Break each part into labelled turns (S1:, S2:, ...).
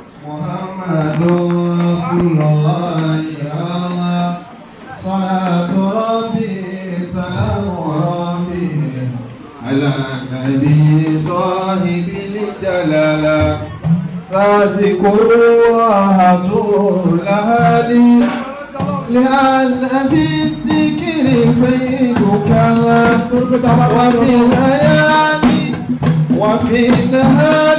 S1: محمد رسول الله يا الله صلاة ربي سلام ربي على صاحب الجلالة لأن في الذكر وفي الليالي وفي النهار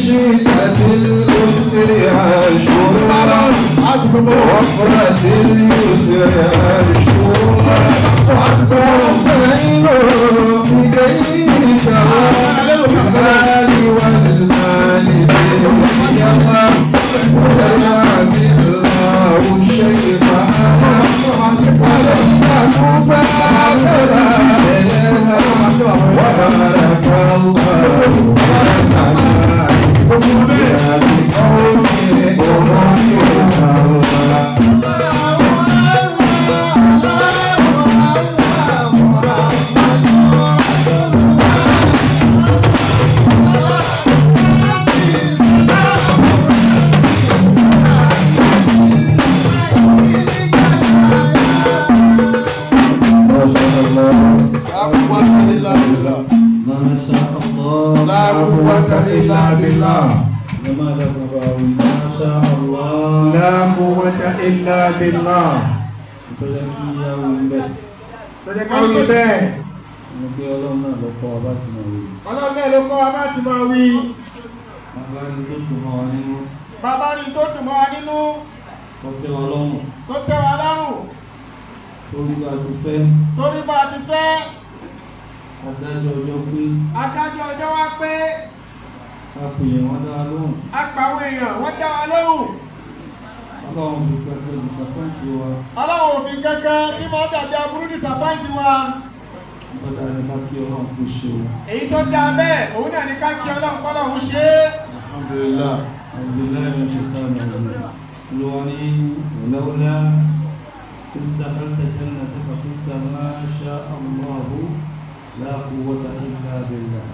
S2: وشدة
S1: الأسر عاشورا وفرة اليسر عاشورا وعقبهم بينهم بكي تعالى المال والمال سيما ويلعب الله الشيطان على النفوس وبارك الله Oh, yeah, yeah.
S3: fẹ́
S4: torí bá ti fẹ́
S3: adájọ́ ọjọ́ pé
S4: adájọ́ ọjọ́ wá pé
S3: apèèyàn wọ́n dá wa lóhùn
S4: apàwọn èèyàn wọ́n dá wa lóhùn
S3: ọlọ́run fi kẹ́kẹ́ disappointi wa
S4: ọlọ́run fi kẹ́kẹ́ tí mọ́ dàbí aburú disappointi wa
S3: ọ̀dá ni ká kí ọlọ́run kú ṣe o
S4: èyí tó dá bẹ́ẹ̀ òun náà ni ká kí ọlọ́run kọ́lọ́run ṣe é
S3: alhamdulillah alhamdulillah ṣe ká lọ́wọ́ ní استحلت جنتك قلت ما شاء الله لا قوة إلا بالله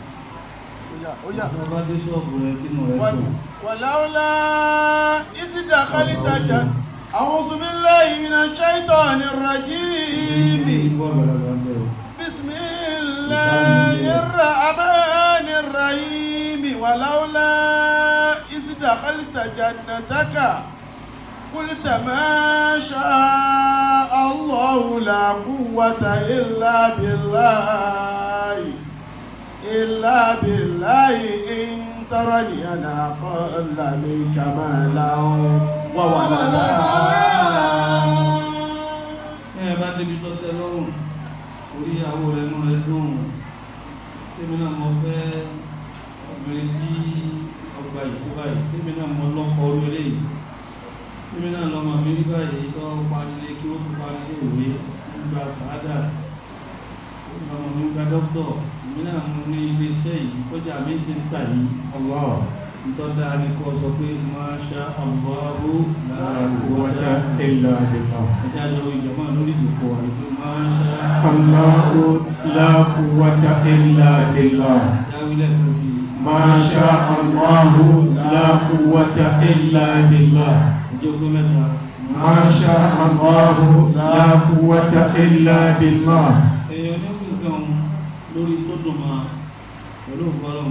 S2: ولولا إذ دخلت جنة أعوذ بالله من الشيطان الرجيم بسم الله الرحمن الرحيم ولولا إذ دخلت جنتك قلت ما شاء الله لا قوة إلا بالله إلا بالله إن ترني أنا أقل
S3: منك مالا
S2: وولدا
S3: ẹ bá débi tó tẹ́ lọ́rùn orí ìyàwó rẹ̀ nú rẹ̀ dùn tèmi náà mo fẹ́ obìnrin tí ọgbà yìí tó báyìí tèmi náà mo lọ́kọ orí eléyìí mímínà lọ́mọ mi nígbà yìí tó parílé kí ó parílé ìwé nígbà sàádà lọ́mọ mi gba dọ́kítọ̀ mímínà mú ní ilé iṣẹ́ yìí kọjá mi ti ń tà yìí ìtọ́dá ní kọ́ sọ pé máa ṣá àbúrú láàrúwájá ìlà
S4: àdìpá ìjájọ ìjọmọ́ lórí
S3: jẹ́ ogún mẹ́ta Masha Allah la quwwata èèyàn ní nǹkan lórí tó dùn máa pẹ̀lú ọgbọ́lọ́m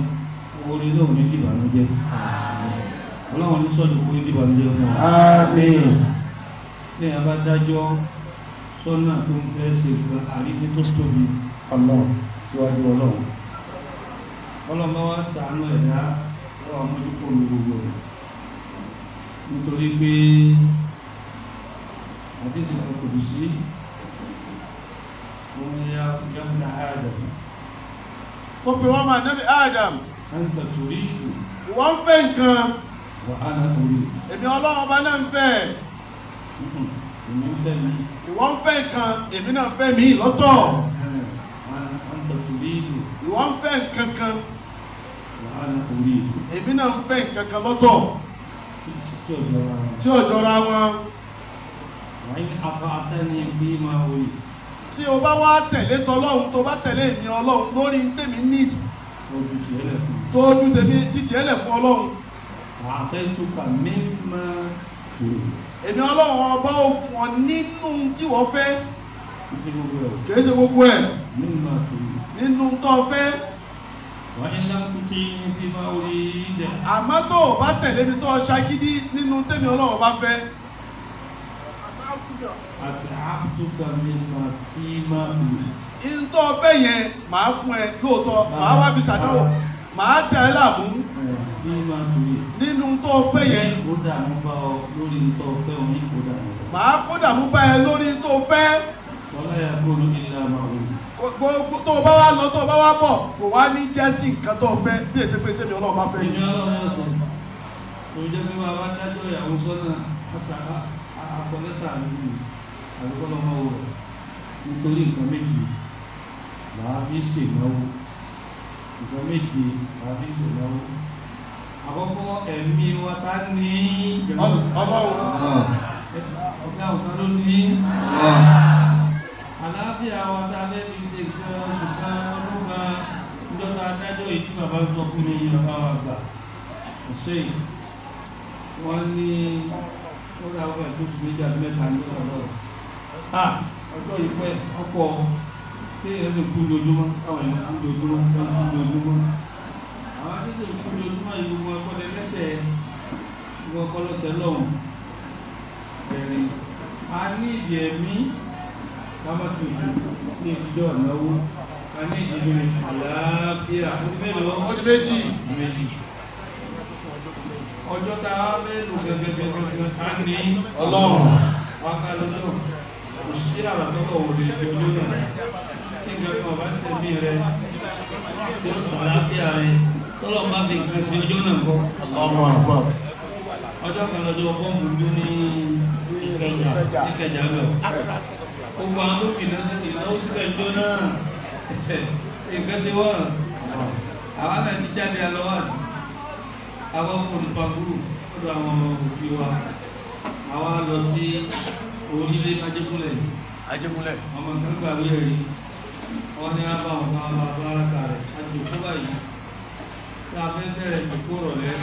S3: orí náà ní kí ìbànújẹ́ ọlọ́run ní sọ́dún kó kí ìbànújẹ́ fún àmín ní a dájọ́ sọ́nà tó ń fẹ́ ṣe àrífẹ́ tó tóbi ọlọ́run síwájú ọlọ́run nítorí pé àdísì ọkùnrin sí wọ́n yá yámúnà adam
S2: ó pè wọ́n máa nábi adam
S3: ń tàtòrí ìlú
S2: wọ́n fẹ́ nǹkan
S3: wàhálà orí
S2: èmi ọlọ́wọ́n bá náà ń fẹ́ èmi ń fẹ́ mi ìwọ́n fẹ́ nǹkan èmi náà fẹ́ mi lọ́tọ̀
S3: ń tàtòrí ìlú
S2: ìwọ́n fẹ́ nǹkan kan wàhálà orí lọ́tọ̀
S3: tí ó jọra wọn
S2: tí o bá wá tẹ̀lé tọlọ́run tó bá tẹ̀lé ìyìn ọlọ́run lórí
S3: tèmi nídìí tó ojú tèmi títì ẹlẹ̀ fún ọlọ́run àtẹ́tùkà mímọ́ tòrò
S2: èmi ọlọ́run ọba ò fún ọ nínú tí wọ́n fẹ́
S3: kìí ṣe gbogbo ẹ̀ mímọ́ tòrò nínú tó fẹ́ àmọ́ tó o bá tẹ̀lé
S2: mi tó o ṣagídí nínú tẹ́mi ọlọ́run bá fẹ́.
S3: àti àtúkà mi máa fi máa tù.
S2: ìtọ́ ọbẹ̀ yẹn màá fún ẹ lóòótọ́ màá wá fi ṣàdánwò
S3: màá tẹ̀ ẹ́ láàmú. fi máa tù yẹ. nínú tó o fẹ́ yẹn. kó dààmú bá ọ lórí tó o fẹ́ òun kó dààmú.
S2: màá kó dààmú bá ẹ lórí tó o fẹ́.
S3: wọ́n kó lórí ìlànà òun
S2: gbogbo tó o bá wá lọ tó o bá wá bọ̀
S3: kò wá ní jẹ́ sí nǹkan tó o fẹ́ bí èsì pé tèmi ọlọ́run bá fẹ́ yìí. èmi ọlọ́run yóò sọ kò jẹ́ pé wàá wá dájọ́ ìyàwó sọ́nà àṣà àkọlẹ́tà mi àbíkọ́lọ́mọ wọ̀ nítorí nǹkan méje làá fi ṣèlọ́wọ́ nǹkan méje làá fi ṣèlọ́wọ́ àkọ́kọ́ ẹ̀mí wa tá ní ọlọ́run ọ̀gá ọ̀gá ló ní àlàáfíà wa tá a fẹ́ fi ṣe nǹkan oṣù kan ọdún kan níjọba adájọ́ èyí tí bàbá ń sọ fún ní bàbá wa gbà ọ̀sẹ̀ yìí wọ́n ní ó dá ọgbà ìtòsù méjì àbí mẹ́ta ní ọ̀rọ̀ ọjọ́ yìí pẹ́ ọkọ̀ tí ẹ̀sẹ̀ kú lójúmọ́ àwọn èèyàn kú lójúmọ́ wọ́n kú lójúmọ́ àwọn ẹ̀sẹ̀ kú lójúmọ́ yìí gbogbo ọkọ̀ a ní ìdí ẹ̀mí kámọ́tì ní ìjọ ìnáwó a ní ìjìnlẹ̀ àlàáfíà ọdún méjì méjì ọjọ́ ta mẹ́lù gẹ́gẹ́gẹ́gẹ́ ta ní ọlọ́run wákàlọ́jọ́ kò sí àràtọ́kọ̀ òde fi ọjọ́ náà tí gẹ́gẹ́ ọba sẹ́mí rẹ tí ó sùn láfíà rẹ tọ́lọ́m bá fi nǹkan sí ọjọ́ náà kọ́ ọjọ́ kan lọ́jọ́ gbogbo àwọn fìnà ìnáwó sílẹ̀ jọ náà ìgbésẹ̀ wọ́n àwọn náà ti jáde alọ́wàs àwọn olùpàkúrù lọ́dọ̀ àwọn òbí wa àwa lọ sí orílẹ̀ ajégúnlẹ̀ ajégúnlẹ̀ ọmọ kẹgbà wíyẹ̀ rí wọ́n ní àbá ọ̀pá bàbá ara rẹ̀ àti òkú báyìí tá a fẹ́ bẹ̀rẹ̀ ìkórọ̀lẹ́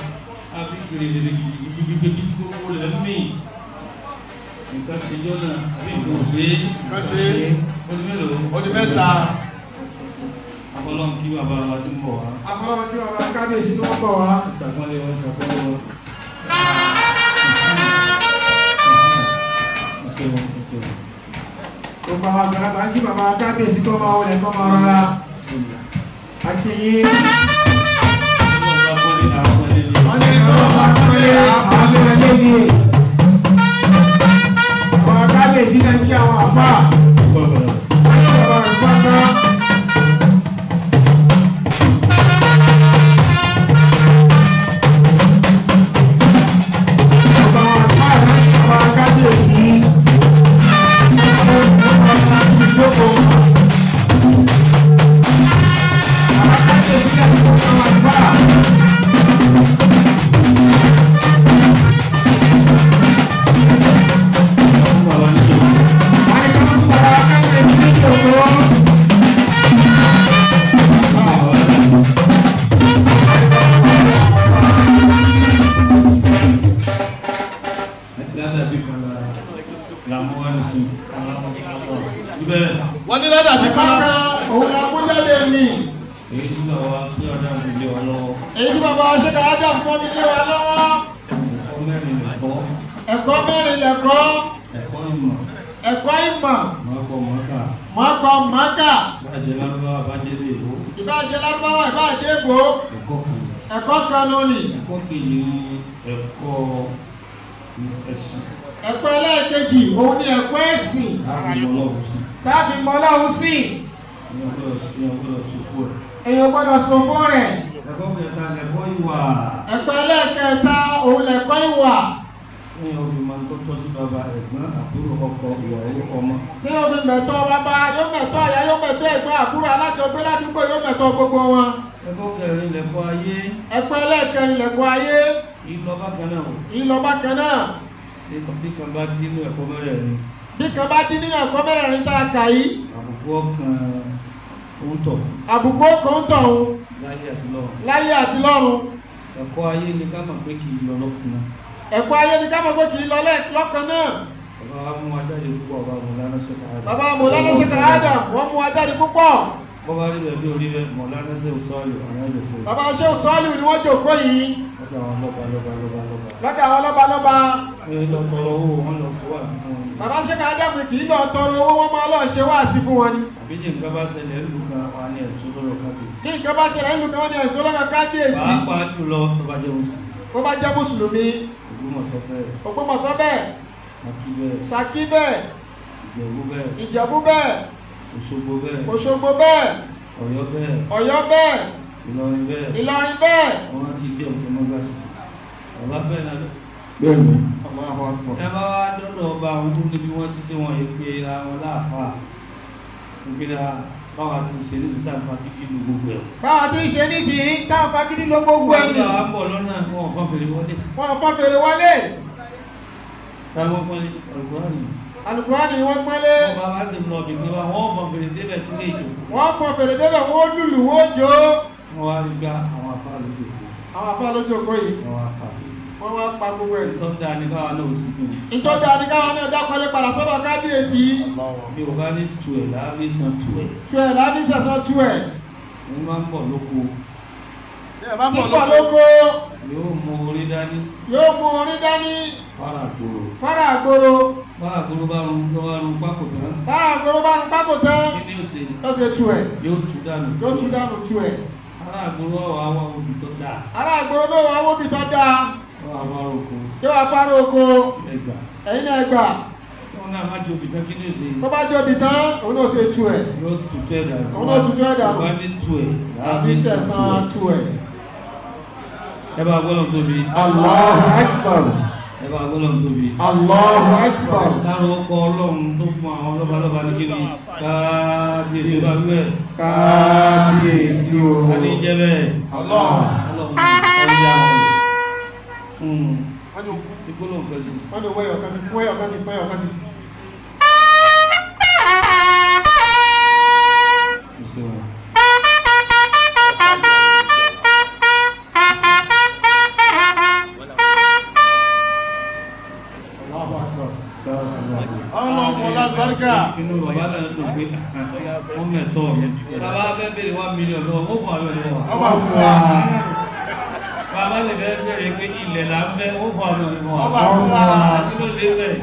S3: àfikiri lè gbígbégbé gbogbo rẹ̀ mìí nǹkan ti jọ́nà àbí nǹkan òsè kásé ọdún mélòó ọdún mẹ́ta akọlọ́n kí bàbá wa ti ń bọ̀ wá akọlọ́n kí bàbá kábíyèsí tó ń bọ̀ wá ìsàkọ́lé wọn ìsàkọ́lé wọn
S4: ìṣẹ́wọ̀n ìṣẹ́wọ̀n gbogbo àwọn àgbàlagbà ń kí bàbá kábíyèsí tó máa wọlé tó máa rọra akínyìn wọ́n ní ọlọ́pàá kọ́lé àpàlẹ́ lẹ́yìn kábíyèsí náà kí àwọn àfáà. Èkó ẹ̀kọ́ kanoni, ló ní
S3: ẹ̀kọ́ kìí ẹ̀kọ́ ẹ̀sìn ẹ̀kọ́ ẹlẹ́ẹ̀kejì òun ni ẹ̀kọ́ ẹ̀sìn
S4: káàfin mọ́láhùn sí èyàn gbọ́dọ̀ sọ̀fọ́ rẹ̀ ẹ̀kọ́ ẹlẹ́ẹ̀kẹta òun lẹ̀kọ́ ìwà
S3: ní òfin máa ń tó tọ́ sí bàbá ẹ̀gbọ́n àbúrò ọkọ ìyàwó ọmọ.
S4: ní òfin mẹ̀tọ́ bàbá yóò mẹ̀tọ́ àyà yóò mẹ̀tọ́ ẹ̀gbọ́n àbúrò alájọgbé ládùúgbò yóò mẹ̀tọ́ gbogbo wọn
S3: ẹ̀kọ́ kẹrin lẹ̀kọ́ ayé
S4: ẹ̀kọ́ ẹlẹ́ẹ̀kẹrin lẹ̀kọ́ ayé
S3: ìlọ bákan náà
S4: ìlọ bákan náà
S3: bí kan bá dín nínú ẹ̀kọ́ mẹ́rẹ̀ẹ̀rin
S4: bí kan bá dín nínú ẹ̀kọ́ mẹ́rẹ̀ẹ̀rin tá a kà yìí
S3: àbùkù ọkàn ń tọ̀
S4: àbùkù ọkàn ń tọ̀
S3: láyé àti lọ́run ẹ̀kọ́ ayé ni ká mọ̀ pé kì í lọ lọ́kàn náà
S4: ẹ̀kọ́ ayé ni ká mọ̀ pé kì í lọ lọ́kàn náà
S3: bàbá mú ajáde púpọ̀ bàbá mú lánàṣẹ́ kàádà wọ́n mú
S4: ajáde púpọ̀
S3: bọ́ bá rí bẹ̀ bí orí rẹ̀ mọ̀ lánàá sí òsọ́ọ̀lù àwọn ìlòkó bàbá ṣe òsọ́ọ̀lù
S4: ni wọ́n jòkó yìí
S3: lọ́dọ̀ àwọn lọ́ba lọ́ba lọ́ba lọ́ba
S4: lọ́dọ̀ àwọn lọ́ba lọ́ba
S3: èyí lọ tọrọ owó wọn lọ fún wàásí fún wọn
S4: bàbá ṣe ká dábì kì í lọ tọrọ owó wọn máa lọ ṣe wàásí fún
S3: Òṣogbo bẹ́ẹ̀. Òṣogbo bẹ́ẹ̀. Ọ̀yọ́ bẹ́ẹ̀. Ọ̀yọ́ bẹ́ẹ̀. Ìlọrin bẹ́ẹ̀. Ìlọrin bẹ́ẹ̀. Wọ́n ti dé òkè mọ́gbàsó. Bàbá bẹ́ẹ̀ náà. Bẹ́ẹ̀ni. Ẹ bá wá dọ́dọ̀ ọba àwọn tó níbi wọ́n ti ṣe wọn ìpè ara wọn láàfáà. Ìpìlẹ̀ báwa ti ṣe ní ìsìn táàfà kíkí lu gbogbo ẹ̀.
S4: Báwa ti ṣe ní ìsìn Wọ́n gbà wá
S3: pọ̀ wọn ò
S4: alukurani ni wọ́n pẹ́lẹ́
S3: ọba bá sì mọ̀ bí níwá wọ́n fọ́n fèrè débẹ̀ tí lè jò
S4: wọ́n fọ́n fèrè débẹ̀ wọ́n lùlù wọ́n jò
S3: wọ́n wá gba àwọn
S4: afá lójú òkú
S3: àwọn afá lójú mi ò bá ní tu ẹ̀ láàbí san tu ẹ̀
S4: tu ẹ̀ láàbí sàn tu ẹ̀
S3: mo máa ń bọ̀ lóko
S4: tí bọ̀ lóko yóò mú orí dání
S3: fara àgbòrò bára gbogbo bá rún lọ́wọ́ rún pápò tán
S4: bára gbogbo bá rún pápò tán
S3: kí ni ó ṣe ó ṣe tú ẹ̀ yóò tú dànù yóò tú dànù tú ẹ̀ ará àgbòrò ọwọ́ àwọn obì tó dáa
S4: ará àgbòrò lọ́wọ́ àwọn obì tó dáa
S3: yóò afárò oko
S4: yóò afárò oko ẹgbà ẹ̀yìn náà ẹgbà
S3: wọn náà má jòbì tán kí ni ó ṣe tó bá jòbì tán òun náà ṣe tú ẹ̀ yóò tutù ẹ̀ dànù òun náà tutù ẹ̀ dànù wọ́n ní tú ẹ̀ àbí sẹ̀sán tú ẹ̀ ẹ bá gbọ́dọ̀ tóbi. Allahu Akbar bá ọlọ́run tóbi. Allahu Akbar. Láàrùn ọkọ̀ ọlọ́run tó fún àwọn ọlọ́balọ́ba ní kí ni káàbíyèsí bá bẹ́ẹ̀. Káàbíyèsí o. A ní jẹ́ inú bàbá náà ló gbé wọ́n mẹ́tọ́ bàbá fẹ́ bèèrè wá mílíọ̀n lọ́wọ́ ó fún àwọn ẹ̀lọ́wọ́ ọmọ fún wa bàbá lè fẹ́ bèèrè pé ilẹ̀ là ń fẹ́ ó fún àwọn ẹ̀lọ́wọ́ ọmọ fún wa kí ló lè fẹ́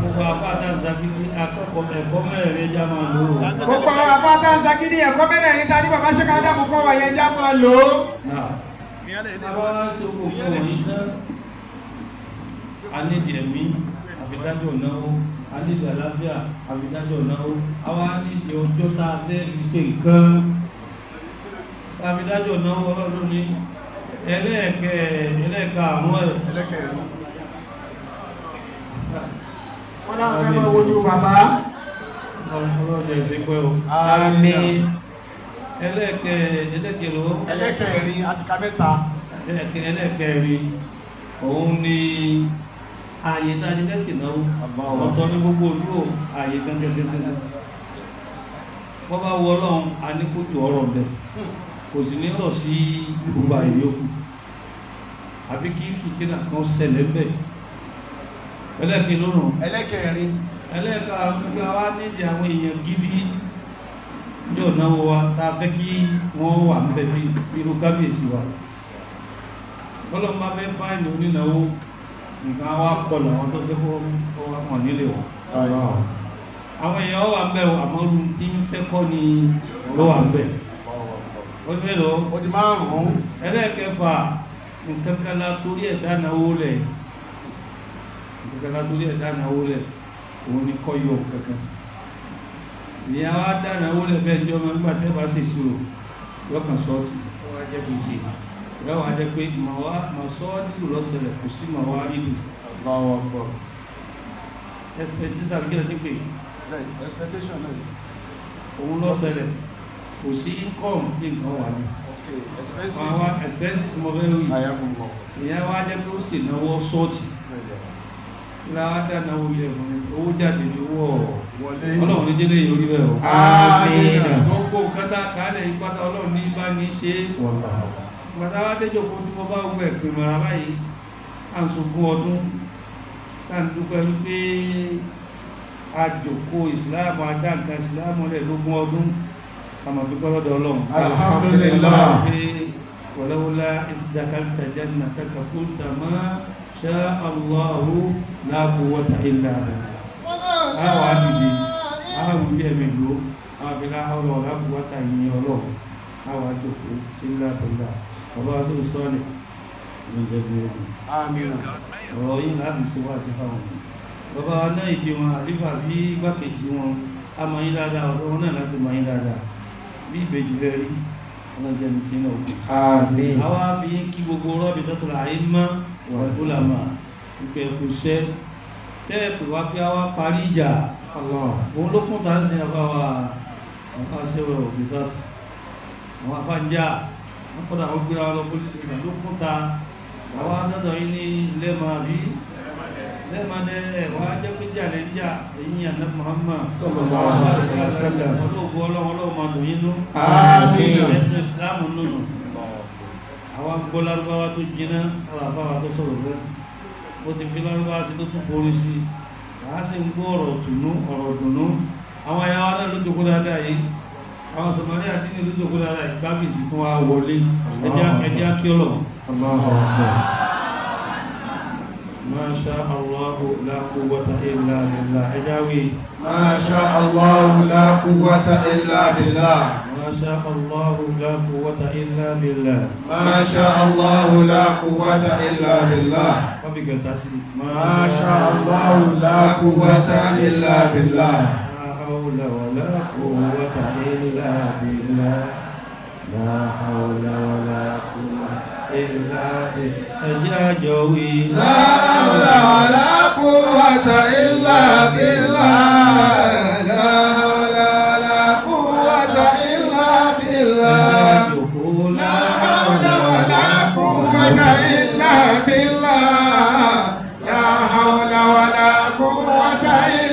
S3: gbogbo apáta zakidi akẹ́kọ̀ọ́ ẹ̀kọ́ mẹ́rin já máa lò ó gbogbo
S4: apáta zakidi ẹ̀kọ́ mẹ́rin ta ní bàbá ṣe ká dáàbò kọ́ wà yẹn já máa lò ó
S3: bàbá wá sí gbogbo yìí tán a nídìí ẹ̀mí àfidájọ́ náà anídìí àlàáfíà àfidájọ́ náwó àwa nídìí ọjọ́ tá a fẹ́ fi ṣe nǹkan àfidájọ́ náwó ọlọ́dún ní ẹlẹ́ẹ̀kẹ́ ẹlẹ́ẹ̀ka àwọn ẹ̀ wọ́n láwọn ẹgbẹ́ ojú bàbá ọlọ́dẹ̀ sí pẹ́ o àmín ẹlẹ́ẹ̀kẹ́ ẹlẹ́ẹ̀kẹ́ lọ ẹlẹ́ẹ̀kẹ́ rí àti kàmẹ́ta ẹlẹ́ẹ̀kẹ́ ẹlẹ́ẹ̀kẹ́ rí ààyè náà ni e náà ọ̀tọ̀ ní gbogbo olú ààyè gẹ́gẹ́gẹ́gẹ́ wọ́n bá wọ ọlọ́run a ní kó jù ọ̀rọ̀ bẹ̀ kò sì ní sí gbogbo ààyè yòókù àbí kí kan ṣẹlẹ̀ bẹ̀ ẹlẹ́fin lórùn ẹlẹ́kẹrin ẹlẹ́ka gbogbo àwa nídìí àwọn èèyàn gidi ní ọ̀nà wa ta fẹ́ kí wọ́n wà ń bẹ̀ bí irú kábíyèsí wa nǹkan wá kọlù àwọn tó fẹ́ kó wọn nílé wọn àwọn èèyàn wà ń bẹ̀ àmọ́rú tí ń sẹ́kọ́ ni ló wà ń bẹ̀ ó ní mélòó ó ti máa ń hàn ẹlẹ́ẹ̀kẹfà nǹkan torí ẹ̀ dánáwó lẹ̀ nǹkan torí ẹ̀ dánáwó lẹ̀ òun ni kọ́ yóò kankan ìyá wa dánáwó lẹ̀ bẹ́ẹ̀ jọmọ nígbà tẹ́ bá sì sùúrù yọkàn sọ́ọ̀tì ó wá jẹ́ gbèsè ìgbàwọ̀ ajẹ́ pé màsọ́ọ́dìlù lọ́sẹ̀lẹ̀ kò sí màwá ìlú àgbáwọ̀ ọgbọ̀ expectation àbíkẹ́ ti pè expectation náà òun lọ́sẹ̀lẹ̀ kò sí income tí nǹkan wà ní àwọn expenses mọ́ bẹ́ẹ̀ rí ìyẹn wá jẹ́ pé ó sì náwó sọ́ọ̀tì láàdá náwó ilẹ̀ fún owó jáde ní owó ọlọ́run ní jẹ́lẹ̀ yóò rí bẹ́ẹ̀ o gbogbo kátàkálẹ̀ ìpátá gbàtàwà tẹ́jọkọ́ tí mo bá gbogbo ẹ̀pẹ̀ mọ̀ra báyìí à ń sunkún ọdún tàbídúpẹ́ wípé àjòkó ìsìláàmù adáǹkà ìsìláàmù rẹ̀ lógún ọdún àmàdúpẹ́ lọ́dọ̀ ọlọ́run alhamdulillah wọ̀lọ́wọ́lá ìsìdákàtà jẹ́nà tàkàkúta mọ́ ṣá aláhù láàkúwọ́ta ilẹ̀ rẹ̀ àwọn àdìdì àwọn ìbí ẹ̀mẹ̀ ìlú àwọn àfilá ọlọ́ bàbá sí ìsọ́nì ló jẹ́ bí ogun àmìràn ọ̀rọ̀ yìí láti sọ wá sí fáwọn bàbá náà ìpè wọn àlífà bí gbákejì wọn a mọ̀ yín dáadáa ọ̀rọ̀ wọn náà láti mọ̀ yín dáadáa bí ìbejì lẹ́ rí ọlọ́jẹ́ mi sí náà kù sí àwa fi ń kí gbogbo rọ́bì tó tọ́ra ayé mọ́ wàlúùlà mà ìpè kù sẹ́ tẹ́ pè wá pé àwa parí ìjà òun ló kún tá ń sin àbáwá àbáṣẹ́wẹ̀ òbí tó àwọn afáńjà kọ́dà ó gbéra lọ police station ló kún ta àwọn adọ́dọ̀ yìí ní lẹ́mà rí lẹ́mà dẹ́ wà á jẹ́ pé jà jà èyí àná Muhammad sallallahu alaihi wasallam olóògùn ọlọ́run ọlọ́run máa dùn yínú àmín ẹnu ìsìlámù nùnù àwọn gbọ́ lárúbáwá tó jiná àlàfáwà tó sọ̀rọ̀ lẹ́sì ó ti fi lárúbáwá sí tó tún forí sí àá sì ń gbọ́ ọ̀rọ̀ tùnú ọ̀rọ̀ dùnú àwọn sọmọdé àti ní ìlú jòkó lára ìkábìsì tún wá wọlé ẹjá kí ọlọ̀ Masha Allahu la quwwata illa billah ẹjá wí. Masha Allahu la quwwata illa billah. Masha Allahu la quwwata illa billah. Masha Allahu la quwwata illa Masha Allahu la quwwata illa حول ولا قوة إلا بالله لا حول ولا قوة إلا بالله لا حول ولا قوة إلا بالله لا حول ولا قوة إلا
S2: بالله لا حول ولا قوة إلا
S1: بالله لا
S2: حول ولا قوة إلا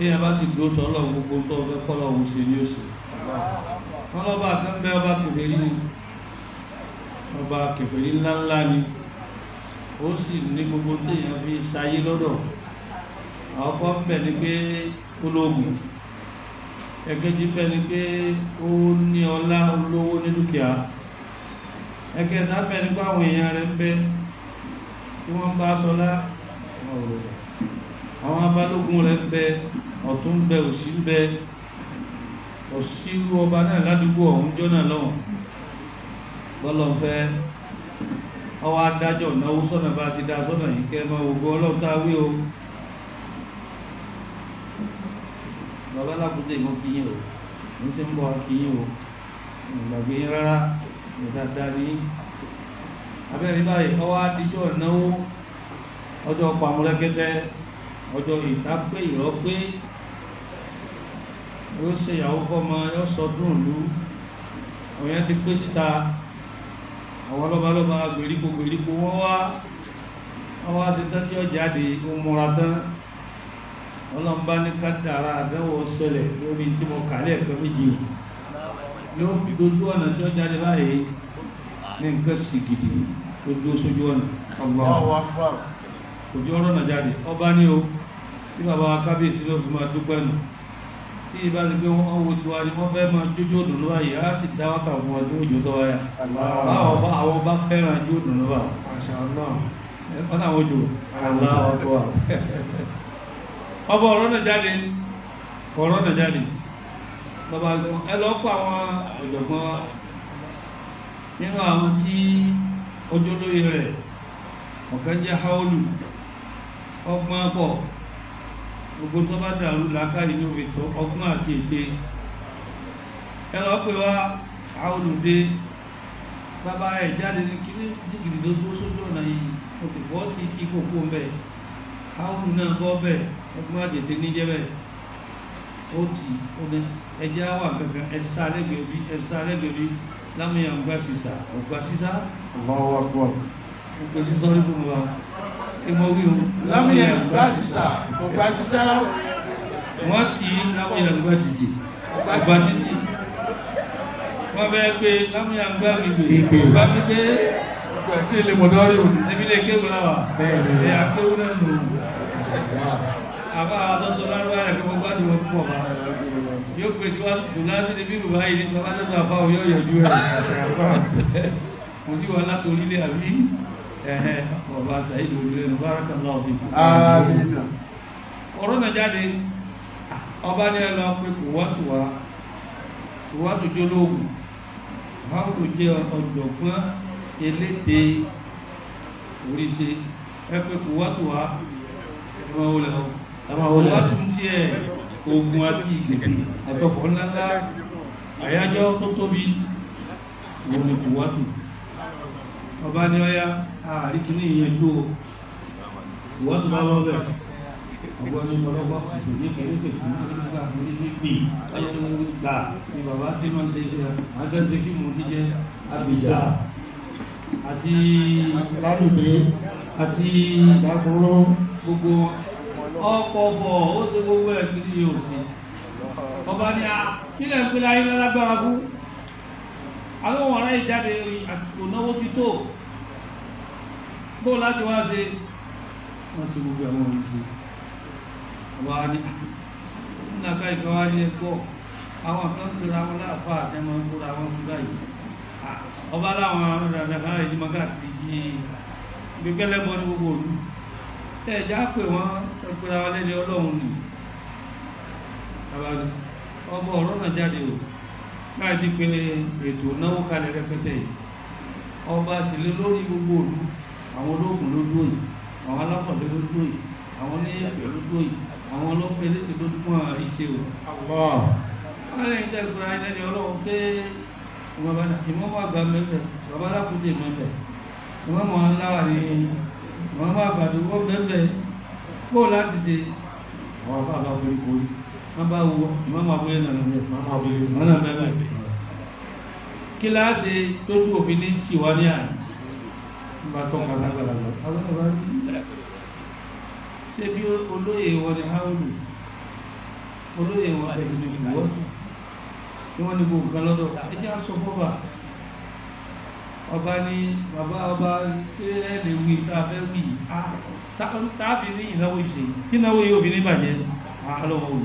S3: èèyàn bá sì dúró tọ́lọ̀ gbogbo tó fẹ́ kọ́lọ̀ òun sí ní òsì wọ́n lọ́ba àti ń bẹ ọba kèfèrí ni ọba kèfèrí ńláńlá ni ó sì ní gbogbo téèyàn fi sayé lọ́dọ̀ àkọ́kọ́ ń bẹ̀ ni pé ológun ẹ̀kejì ń bẹ̀ ni pé ó ní ọlá olówó ní dúkìá ẹ̀kẹta ń bẹ̀ ni pé àwọn èèyàn rẹ̀ ń bẹ tí wọ́n bá sọlá àwọn abalógun rẹ̀ ń bẹ ọ̀tún ń bẹ òsì ń bẹ òsìrú ọba náà ládùúgbò ọ̀hún jọ́nà lọ́wọ́ bọ́lọ̀ fẹ́ ọwọ́ adájọ́ sọ́nà bá ti dá sọ́nà yìí ogun ọlọ́ta o bàbá lápútè mọ́ kí o ní sí ń bọ́ kí o ìgbàgbé rárá ní abẹ́rin báyìí ọjọ́ ọjọ́ ìrọ́pé yóò ṣe ìyàwó fọ́mọ yóò sọdún òlú àwọn èèyàn ti pé síta àwọn lọ́balọ́ba gbèríko gbèríko wọ́n wá wọ́n wá sí tán tí ó jáde ó múra tán ọlọ́mbá ní kádàrá àdánwò ṣẹlẹ̀ lórí tí mo kàlẹ̀ ẹ̀fẹ́ méjì yóò fi dojú ọ̀nà tí ó jáde báyìí ní nǹkan sì gidi ojú sójú ọ̀nà ojú ọ̀rọ̀ náà jáde ọba ní o tí bàbá kábíyèsí ló fi máa dúpẹ́ nù tí ìbá ti pé wọ́n wo ti wá ní wọ́n fẹ́ mọ́ jójó dùnú báyìí á sì dáwátà fún ọjọ́ òjò tó wáyà àwọn bá fẹ́ràn jó dùnú bá wọ́n àwọn òjò aláwọ̀kọ́ ọba ọ̀rọ̀ náà jáde ọ̀rọ̀ náà jáde bàbá ẹlọ́pọ̀ àwọn ọ̀jọ̀gbọ́n nínú àwọn tí ojúlóye rẹ̀ ọ̀kan jẹ́ haolu ọgbọ́n pọ̀ gbogbo tó bá dàrú làákàyè ní òfin tó ọgbọ́n àti ète ẹlọ pé wá àwọn olùdé bàbá ẹ̀ jáde ní kí ní jìgìdì tó tó sójú ọ̀nà yìí mo fi fọ́ ti kí kòkó ń bẹ̀ àwọn náà bọ́ bẹ̀ ọgbọ́n àti ète ní jẹ́bẹ̀ ó ti ọdẹ ẹjẹ́ wà kankan ẹ̀sà lẹ́gbẹ̀ẹ́ bí ẹ̀sà lẹ́gbẹ̀ẹ́ bí lámúyàn gbà sísà ọgbà sísà ọgbà sísà ọgbà sísà ọgbà sísà ọgbà sísà kí mo wí o. lọ́mìyàn gbá sísà kò gbá sísà. wọ́n ti lọ́mìyàn gbá títì ọgbà títì wọ́n bẹ́ẹ̀ pé lọ́mìyàn gbá gbígbé gbá gbígbé pẹ̀lú ilé mọ̀dọ́rí òní. Sẹ́bílẹ̀ kéwù náà wà. Bẹ́ẹ̀ni. Ẹ̀yà kéwù náà nù. Àbá àtọ́tọ́ lárúbá rẹ̀ fún gbádùn wọn púpọ̀ bá. Yóò pè sí wáṣù fún láti ní bí Bùbá yìí ní bàbá tó dà ẹ̀hẹ́ ọba sàídì olùlẹ́nu barakallahu fikum àmìnà ọ̀rọ̀ náà jáde ọba ní ẹlọ pé kò wọ́tù wá kò wọ́tù jẹ́ olóògùn báwo jẹ́ ọ̀jọ̀gbọ́n eléte oríṣẹ́ ẹ pé kò wọ́tù wá ẹmọ olè ọ kò wọ́tù tí ẹ ogun àti ìgbèkè àtọ̀fọ̀ ńláńlá àyájọ́ tó tóbi òun ni kò wọ́tù ọba ní ọya ààrí kì ní ìyẹnjú o ìwọ́n tó bá lọ bẹ̀ ọgbọ́n ní ọlọ́gbọ́ kò ní kẹ́lẹ́kẹ́ kò ní nígbà kò ní gbígbì ọjọ́ tó ń gbà ní bàbá tí wọ́n ṣe jẹ́ agbẹ́sẹ̀ kí mo ti jẹ́ abìjà àti lálùgbé àti ìdákúró gbogbo ọ̀pọ̀ fọ̀ ó ṣe gbogbo ẹ̀ yóò sí ọba ní a kílẹ̀ ń pè láyé lálágbára fún àwọn ọ̀rá ìjáde orin àti ònáwó ti tó bó láti wá ṣe wọ́n sí gbogbo àwọn òrìsí ọba ní nàkà ìfẹ́wà ní ẹgbọ́ àwọn kan gbèrà wọn láàfà àtẹ́mọ́ gbòrà wọn fún báyìí ọba láwọn ràdàkà ìdímọ́gá àti ìjì gbẹ́gẹ́lẹ́bọ́ ní gbogbo òlú tẹ́ẹ̀já pè wọ́n ẹgbẹ́ra wọn lẹ́ni ọlọ́run láti pé ètò náwó kalẹ̀ rẹpẹtẹ yìí ọba sì lé lórí gbogbo òlú àwọn ológun ló dúró yìí àwọn aláfọ̀sẹ́ ló dúró yìí àwọn oníyàgbẹ́ ló dúró yìí àwọn ọlọ́pẹ́ létí ló dúpọ̀ ìṣèwò ọlọ́rin ìjẹ́ ìfúra ẹlẹ́ni ọlọ́run fẹ́ ìmọ́mọ́ àgbà mẹ́fẹ́ bàbá lápútè mẹ́fẹ́ ìmọ́mọ́ aláwà ní ìmọ́mọ́ àgbà wọ́n bá wo ìmọ́mọ̀ abúlé náà nìyẹn wọ́n náà mẹ́mẹ́ kí láàṣẹ tó kú òfin ní tí wá ní àyè bá tọ́ka lágbàlagbà àwọn ọ̀bá ṣe bí olóyè wọn ni haúlù olóyè wọn ẹ̀sìn ìwọ́tù tí wọ́n ní gbogbo kan lọ́dọ̀ ẹjẹ́ sọ fọ́bà ọba ní bàbá ọba ṣe ẹ̀lẹ̀ wí tàbẹ́ wí tààfin ní ìnáwó ìṣe tí náwó yóò fi ní bàjẹ́ àlọ́wọ́ òun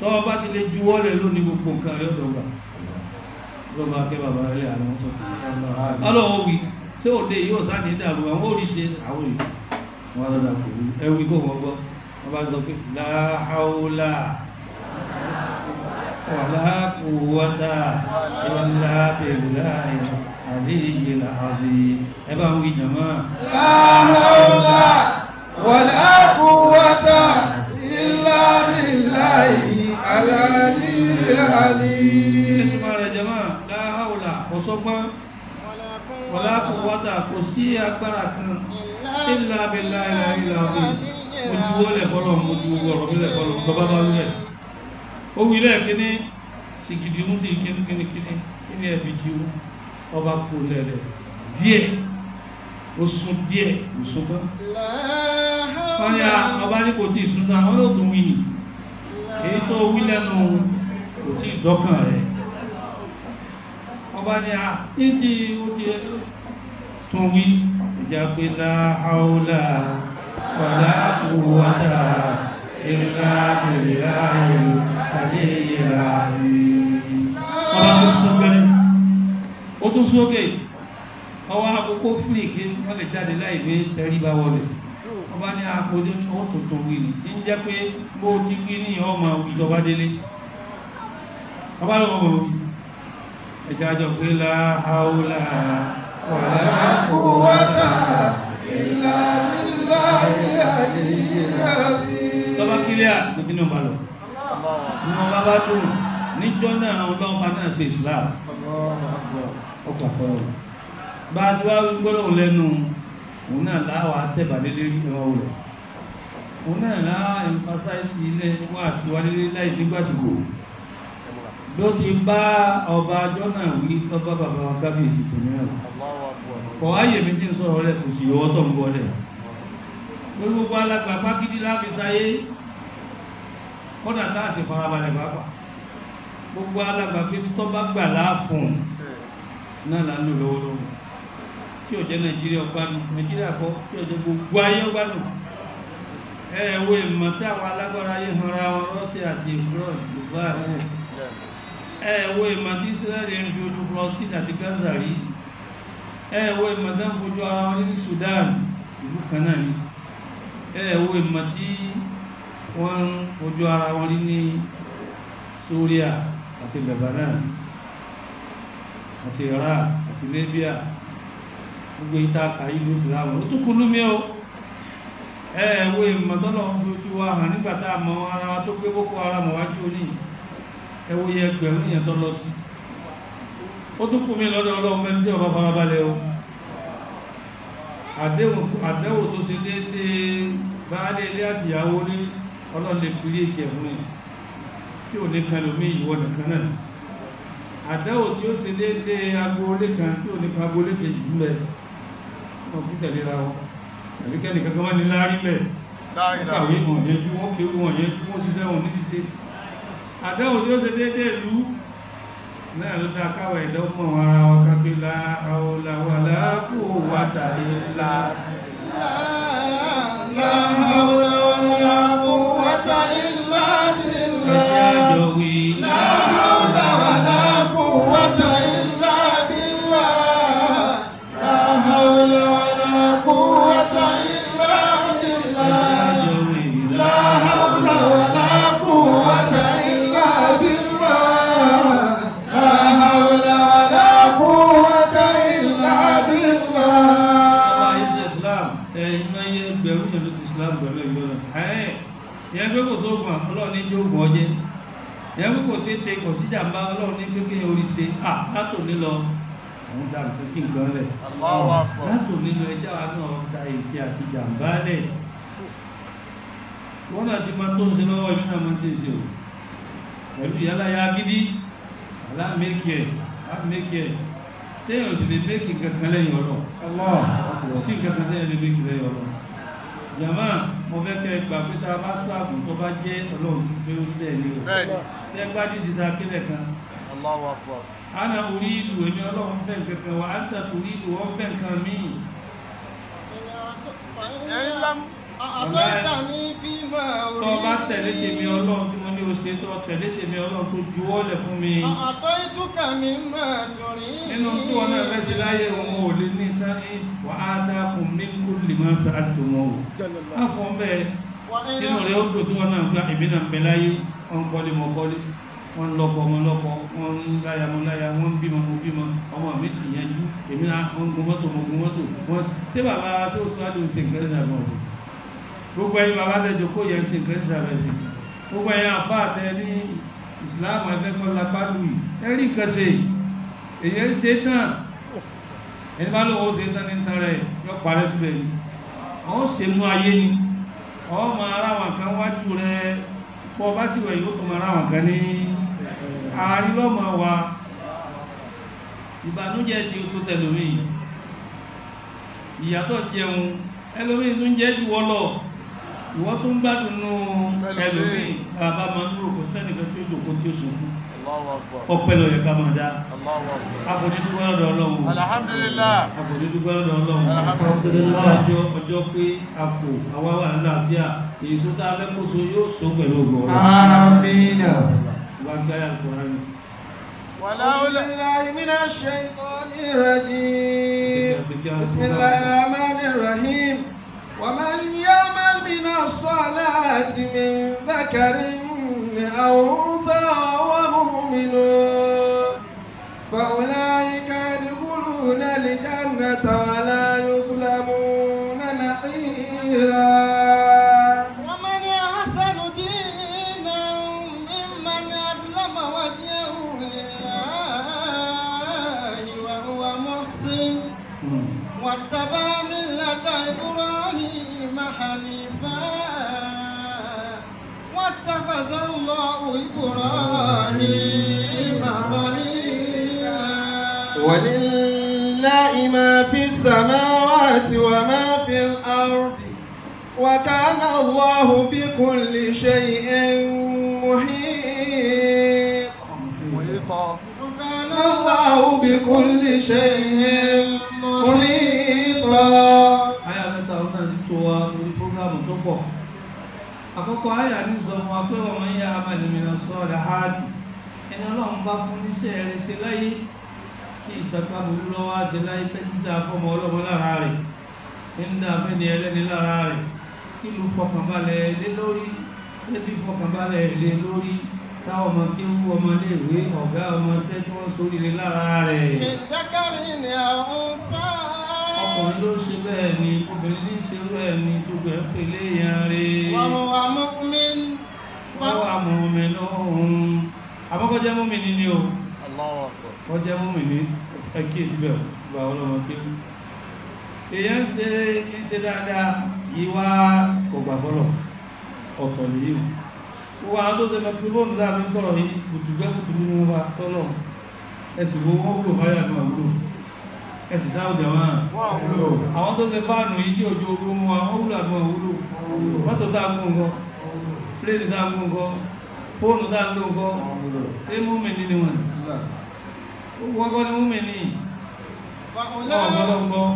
S3: tó bá ti lè juwọ́lẹ̀ lónìí gbogbo nǹkan yóò dọ̀gbà lọ́gbà kẹ́ bàbá rẹ̀ àwọn sọ́tọ̀ ọlọ́wọ́ wí tí ó dé yóò sáà ní dàrú àwọn oríṣẹ́ àwọn oríṣẹ́ wọ́n lọ́dà kò rí ẹwí kò wọ́n gbọ́ wọ́n bá sọ pé láhàúlà wàláàkùwọ́ta ìlàbẹ̀rẹ̀ aláàlí aláàlí. ẹtùmọ̀ rẹ̀ jẹ́mọ̀ láhàùlà kò sọ́gbọ́n wọlá kò wọ́ta kò sí agbára kan ilá abilá ilá ilá ọ̀hún ojúwó lẹ̀ fọ́lọ̀ ojúwó ọ̀rọ̀ mi lẹ̀ fọ́lọ̀ bàbá bá wílẹ̀ ó wílẹ̀ kíní sìgìdì mú sí kíní kíní kíní kíní ẹ̀bí tí ó ọba kò lẹ̀lẹ̀ díẹ̀ ó sún díẹ̀ ó ọba ní kò tí ì wọ́n ló tún wí nìyí èyí tó wí lẹ́nu kò tí ìdọ́kàn rẹ̀ ọba ni a ìdí ó ti tún wí ìjà pé láàáúlà wàlá quwwata ìrìnlá ìrìnlá àyè ìrìnlá ọba tó sọ́gbẹ́rẹ́ ó tún sókè ọwọ́ ọba ní àpòdé ó tuntun wí ní tí ń jẹ́ pé bó ti wí ní ọmọ ìjọba délé ọba lọ́wọ́ mọ̀ wí ẹjájọ pé láàáúlà wàlá quwwata illa billahi níjọ́ náà ọlọ́ọ̀pá náà ṣe Islam ọkọ̀ fọ́lọ̀ bá ti wá gbọ́nà lẹ́nu òun náà láwà tẹ́bàlélé ìrọ̀ rẹ̀ òun náà láà emphasize ilẹ̀ wà síwálélé láì nígbàsìkò ló ti bá ọba jọ́nà wí lọ́bá bàbá wa kábíyèsí tó ní ẹ̀rọ kọ̀ ayè mi tí ń sọ̀rọ̀ rẹ̀ kò sì yọwọ́ tọ̀ ń bọ́ rẹ̀ gbogbo alágbà fákídí láfi sáyé kọ́dà táà sì tí ó jẹ́ nàìjíríà ọgbánu nàìjíríà kọ́ tí ó jẹ́ gbogbo ayé ọgbánu ẹ̀ẹ̀wọ̀ ìmọ̀ tí àwọn alágbára ayé hanra wọn rọ́sí àti ìkúrọ̀ ìgbògbà àwọn ẹ̀ẹ̀wọ̀ ìmọ̀ tí israeli ń fi ojú florida àti gaza rí ẹ̀ẹ̀wọ̀ ìmọ̀ tí wọ́n fojú ara wọn ní sudan ìlú kan náà ni ẹ̀ẹ̀wọ̀ ìmọ̀ tí wọ́n fojú ara wọn ní syria àti lebanon àti iraq àti libya gbogbo ìta àkàyí ló fi láwọn ó tún kú lúmí o ẹ̀ẹ̀wé ìmọ̀tọ́lọ̀ ń fi ojú wa hàn nígbàtá àmọ́ ara wa tó gbé boko haram wájú oní ẹwọ yẹ ẹgbẹ̀rún yẹn tó lọ sí ó tún kú mí lọ́dọ̀ ọlọ́run fẹ́ ní ọba farabalẹ̀ o àdẹ́wò tó ṣe déédéé báálé ilé àtìyàwó ní ọlọ́run lè kiri ètì tí ó ṣe déédéé agboolé kan tí ò ní kagboolé kejì ń bẹ̀rẹ̀ wọn kú tẹ̀léra wọn tàbí kẹ́nìkan kan wọ́n ní láàrín lẹ̀ kàwé wọn yẹjú wọ́n kéwú wọn yẹjú wọ́n ṣiṣẹ́ wọn níbi ṣe àdáhùn tí ó ṣe dédé ìlú náà ló dá káwà ara wọn kápé láàáwọ̀láwà láàkó wátàrí láàáwọ̀láwà ṣe kò sí jàmbá ọlọ́run ní pé kí orí ṣe à látò nílọ àwọn dáàmù tó kí nǹkan rẹ̀ látò nílọ ẹjá náà da ètì àti jàmbá lẹ̀ wọ́n náà ti máa tó ń ṣe lọ́wọ́ ìlú náà máa ń tẹ̀sí o pẹ̀lú ìyáláyá gidi alámẹ́kẹ̀ẹ́ alámẹ́kẹ̀ẹ́ téèyàn sì lè mẹ́kì kankan lẹ́yìn ọ̀rọ̀ sí kankan lẹ́yìn ọ̀rọ̀ jàmáà mo fẹ́ kẹ́ gbà pé tá a bá sáàbù tó bá jẹ́ ọlọ́run ti fẹ́ orílẹ̀ ní o ṣe gbájú sí ta kílẹ̀ kan ana orí ìlú ẹni ọlọ́run fẹ́ nǹkan kan wa áńtà orí ìlú wọ́n fẹ́ nǹkan míì
S1: tọ́ bá tẹ̀lé tèmi
S3: ọlọ́run mi ò ṣe tó tẹ̀lé tèmi ọlọ́run tó juwọ́ lẹ̀ fún mi.
S1: àtọ́ ìtúkà mi máa torí. nínú tí wọn
S3: náà fẹ́ ṣe láyé òun ò lè ní tání wà á dákun ní kó lè máa ṣáàtò wọn o. á fọ́n bẹ́ẹ̀ sínú rẹ̀ ó dùn tí wọn náà bímọ mọ bímọ ọmọ mi sì yanjú èmi náà wọn gun mọ́tò mọ gun mọ́tò wọn ṣé bàbá sọ́ọ́sọ́ àdéhùn ṣe nǹkan ní gbogbo ẹ̀yin bàbá tẹ̀jọ́ kó yẹn ṣe nǹkan gbogbo ẹ̀yà àfáàtẹ ní islam ẹfẹ́kọ́ lápálù yìí ẹ̀rí nǹkan ṣe èyí ń ṣe tán ẹni bá lówó ṣe tán ní tán rẹ̀ yọ parẹ́ sílẹ̀ ni ọ́n ṣe mú ayé ni ọ́ ma ráwọn kan wájú rẹ̀ pọ̀ bá sì wẹ̀ yóò tó ma ráwọn kan ní àrílọ́mọ ó tó tẹ̀lómí tó ń gbádùn náà ẹlòmíì bàbá máa ń rò kò sẹ́nìkan tí ó jòkó tí ó sunkún ọpẹ́ lọ yẹ ká máa dá àfòdídúgbọ́ lọ́dọ̀ ọlọ́run alhamdulillah àfòdídúgbọ́ lọ́dọ̀ ọlọ́run alhamdulillah ọjọ́ ọjọ́ pé àpò àwáwà láàáfíà èyí tó dá lẹ́kọ́sọ yóò sọ pẹ̀lú ọgbọ̀ àmín
S2: ولو بالله من الشيطان
S3: الرجيم بسم الله الرحمن الرحيم
S1: ومن يعمل من الصلاة من ذكر أو أنثى وهو مؤمن
S3: فأولئك
S1: يدخلون الجنة ولله ما في السماوات وما في الأرض وكان الله بكل شيء محيط
S3: وكان
S1: الله بكل شيء
S3: محيطا. Ayọ̀ mẹ́ta ọ̀nà ti tó àkọ́kọ́ ayà ní sọ fún wa pé wọ́n máa ń yá àmà ìlúmìnà sọ́ọ̀dà hajj ẹni ọlọ́run bá fún níṣẹ́ rẹ̀ ṣe láyé tí ìsapá gbogbo lọ́wọ́ á ṣe láyé tẹ́ dídá fọmọ ọlọ́mọ lára rẹ̀ tí ń dá fẹ́ni ẹlẹ́ni lára rẹ̀ tí ìlú fọkànbalẹ̀ lé lórí
S1: tẹ́bí
S3: ọkùnrin ló ṣe bẹ́ẹ̀ ni obìnrin ní ṣe bẹ́ẹ̀ ni tó bẹ̀ ń pèlé yẹn rí wọ́wà mọ́mí lóhun àmọ́kọ́ jẹ́ mọ́mí ní ní o wọ́n jẹ́ mọ́mí ní ẹkí ìsìbẹ̀ gba ọlọ́mọ kí èyàn ṣe ń ṣe dáadáa kí wá kò gbà fọ́lọ̀ ọ̀tọ̀ nìyí wà tó ṣe mẹ́tìlónù dáa mi sọ̀rọ̀ yìí kùtùgbẹ́ kùtùgbẹ́ wọn bá tọ́lọ̀ ẹ̀sùn owó kò fáyà ní àwúrò ẹ̀sì sáwùdì àwọn àwọn tó ṣe fáànù yìí jí òjò ogun mú wa wọ́n wúlà fún àwúlò mọ́tò tá mú nǹkan pléèdì tá mú nǹkan fóònù tá ló nǹkan sí múmìnì ni wọ́n wọ́n kọ́ ní múmìnì
S1: ọ̀gọ́lọ́gbọ́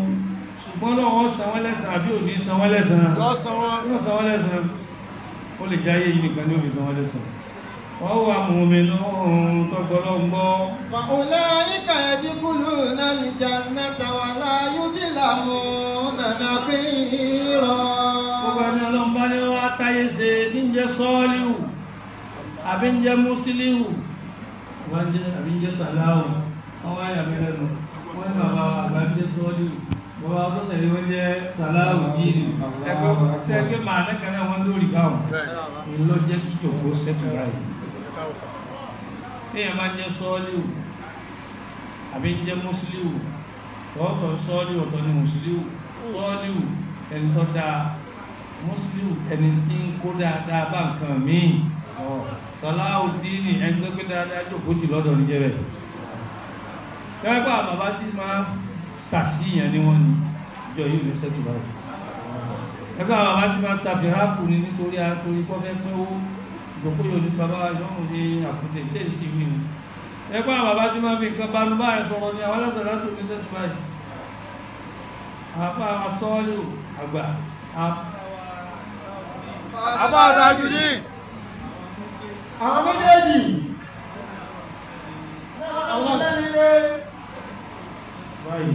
S3: ṣùgbọ́n lọ́wọ́ sanwọ́lẹ́sàn àbí òní sanwọ́lẹ́sàn wọ́n wà mùmínú tọ́gbọ́lọ́ ń gbọ́.
S1: fàkùnlẹ̀ ìkà ẹ̀jí kúlù náà ní jannata wà láyú dìlà mọ́ nànà pé rọ.
S3: ó bá ní ọlọ́mbá ní wọ́n táyé ṣe ní jẹ́ sọ́ọ́líù àbí ń jẹ́ mùsílíù wọ́n jẹ́ àbí ń jẹ́ sàláù wọ́n wá yà mí lẹ́nu wọ́n ní bàbá àgbà ń jẹ́ sọ́ọ́líù bàbá tó tẹ̀lé wọ́n jẹ́ sàláù jíìnì ẹgbẹ́ tẹ́gbẹ́ màá nẹ́kẹ̀ẹ́ wọn lórí kó sẹ́tù báyìí téèyàn bá jẹ́ sọ́ọ́líù àbí jẹ́ mùsùlíù ọ̀tọ̀ sọ́ọ́líù ọ̀tọ̀ ni mùsùlíù sọ́ọ́líù ẹni tó dáa mùsùlíù ẹni tí ń kó dáadáa bá nǹkan míì sọláùdíìnì ẹni tó gbé dáadáa jókòó tì lọ́dọ̀ ní jẹ́bẹ̀ tẹ́gbà bàbá tí máa sàṣìyàn ni wọ́n ni ìjọ yìí lẹ́sẹ̀ tó báyìí tẹ́gbà bàbá tí máa sàfihàn ìjòkó ni ẹgbẹ́ àwọn bàbá tí máa fi nǹkan bá rúbá ẹ̀ sọ̀rọ̀ ní àwọn aláṣẹ láti omi iṣẹ́ tó báyìí àpá àwọn sọ́ọ̀lù àgbà
S2: àpá àtàjù ní àwọn méjèèjì
S4: àwọn lẹ́nire
S3: báyìí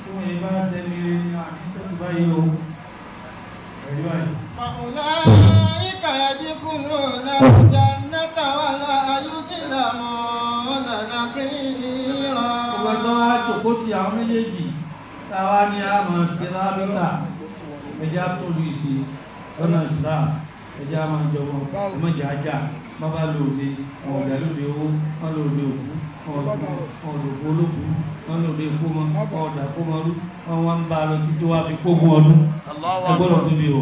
S3: tí wọ́n yìí bá ṣẹ́mire àti iṣẹ́ tó báyìí o ẹ̀rí báyìí الجنة ولا يظلمون نقيرا gbogbo ẹjọ́ wá jòkó ti àwọn méjèèjì táwa ní a mọ̀ sí rábítà ẹjá tóbi sí lọ́nà islam ẹjá máa jọmọ ọmọjà ajá má bá lòdì ọ̀dà lòdì owó má lòdì òkú ọ̀dọ̀ olókùú wọn lò lè kó wọn fọ ọ̀dà fún wọn rú wọn wọn ń bá lọ títí wá fi kógun ọdún ẹgbọ́dọ̀ tó bí o.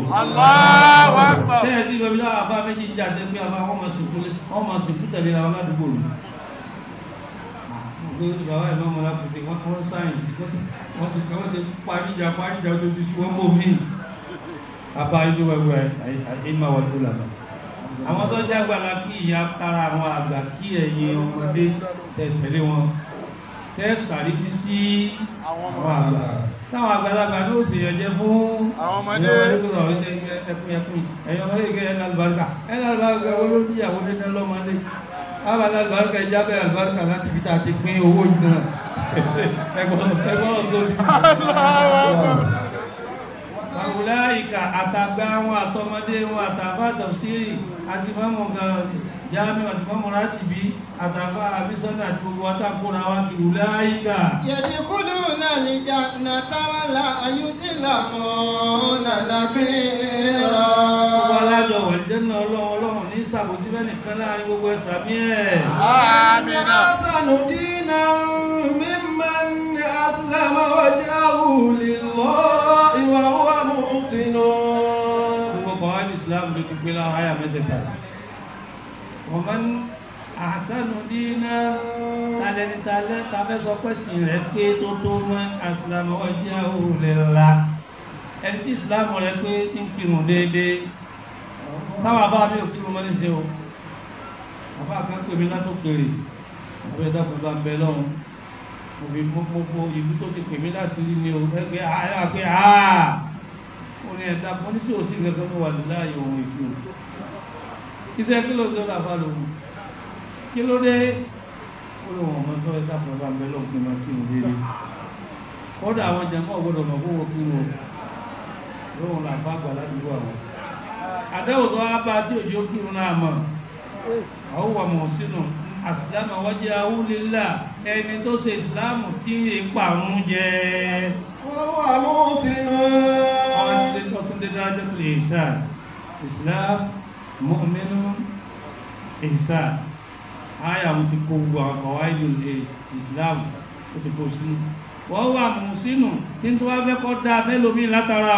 S3: sẹ́yìn tí lóbi láwọn afá méjì jà sí pé afá wọn máa sùkú tẹ̀lé ra wọn ládùúgbò rú. bàbá ìmọ̀ ọmọ lápùtẹ̀ wọn sáyẹ̀nsì wọ́n ti kọ́ wọ́n ti parí ìjà parí ìjà tó ti sí wọ́n mọ̀ mí. àwọn tó jágbára kí ìyá tara àwọn àgbà kí ẹ̀yin ọmọdé tẹ̀lé wọn tẹ́ sàrífí sí àwọn àgbà táwọn àgbàlagbà ní òsì ẹ̀jẹ́ fún àwọn ọmọdé ẹkùn ẹkùn ẹ̀yàn ọmọdé ìgbẹ́ ẹ̀nà àlùbáríkà ẹ̀nà àlùbáríkà olóbíyàwó nínú lọ́mọdé àwọn àlùbáríkà ìjábẹ̀ àlùbáríkà láti fi tàà ti pín owó ìgbà ẹgbọ́n tó bí àwùláìkà àtàgbà wọn àtọmọdé wọn àtàfà tọ̀sírì àti mọ́mọ̀ gan jámi àti mọ́mọ̀ láti bí àtàfà àbísọ́nà àti gbogbo atákùnra wá ti wù láyíká. yẹ̀dí
S1: kúlù náà lè jà nàtàwálà ayúdìlànà nàlàbí
S3: rọ. wọ́n alájọ wà ní jẹ́nà ọlọ́run ọlọ́run ní sàbòsí bẹ́ẹ̀ kan láàrin gbogbo ẹ̀sà mí ẹ̀. àmìnà
S1: sànù dínà mímọ́ ní
S3: àṣẹ́nu dínà alẹ́nitalẹ́ tafẹ́ sọ pé sìn rẹ̀ pé tó tó mọ́ àṣìlámọ́ ọjọ́ òlẹ̀lá ẹni tí ìsìlámù rẹ̀ pé ń kírun déédéé táwọn àbá mi ò kírun mọ́lé ṣe o àbá kan pè mí látòkèrè àbẹ́ ìdápẹ́ bá ń bẹ lọ́hun mo fi gbogbo ìlú tó ti pè ni o ẹgbẹ́ àyàpẹ́ àà ó ní ẹ̀dá fún ní sí kí ló dé olóhùn ọmọ tó ẹ̀ta fún ọba mẹ́lọ kí ma kí mú dédé kódà àwọn jẹmọ́ ọgbọ́dọ̀ mọ̀ kó wọ́n kí mú lóhun làfá àgbà ládùúgbò àwọn àdẹ́wò tó wá bá tí òjò kí mú náà mọ̀ àwọn wà mọ̀ sínú àsìlámà wájé ahúlélà ẹni tó ṣe ìsìlámù tí ipa ń jẹ
S1: wà mọ̀ sínú
S3: àyà wọn ti kó gbogbo àwọn ọ̀wá ìlú Islam ó ti kó sínú wọ́n wà mú sínú tí tó wá fẹ́ kọ́ dá fẹ́ lómi látara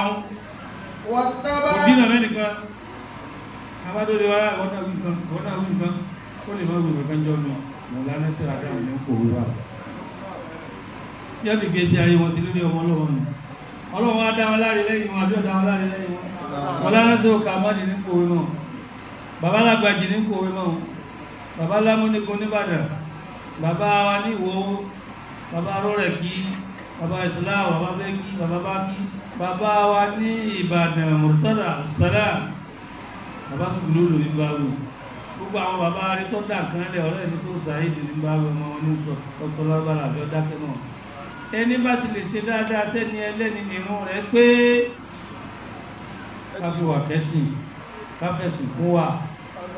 S3: wọn òbínà mẹ́nìkan abádóre wá ọ̀nà wíkan ọ̀nà wíkan ó lè mọ́ gbogbo kan jọ náà mọ̀ lánẹ́sẹ̀ àdáwọn ní kò wíwá tí ó ti wọn sí lórí lẹ́yìn wọn àbíọ̀ dáwọn láre lẹ́yìn wọn mọ̀ lánẹ́sẹ̀ òkà mọ́dì ní ní kò wíwọ́n bàbá lámúnigun nìbàdàn bàbá wa níwò bàbá rọ́rẹ̀kí bàbá islam bàbá bẹ́kí bàbá bákí bàbá wa ní ìbàdàn murtada salam bàbá sùgbùlù ní gbáwò gbogbo àwọn bàbá rí tó dà kan lẹ ọ̀rẹ́ ní sóòsà ìdì ní gbáwò ọmọ wọn ní sọ ọ̀sọ̀lágbára àbí ọdákẹ́ náà ẹni bá ti lè ṣe dáadáa sẹ́ni ẹlẹ́ni nínú rẹ̀ pé káfíwà kẹsìn káfẹ́sìn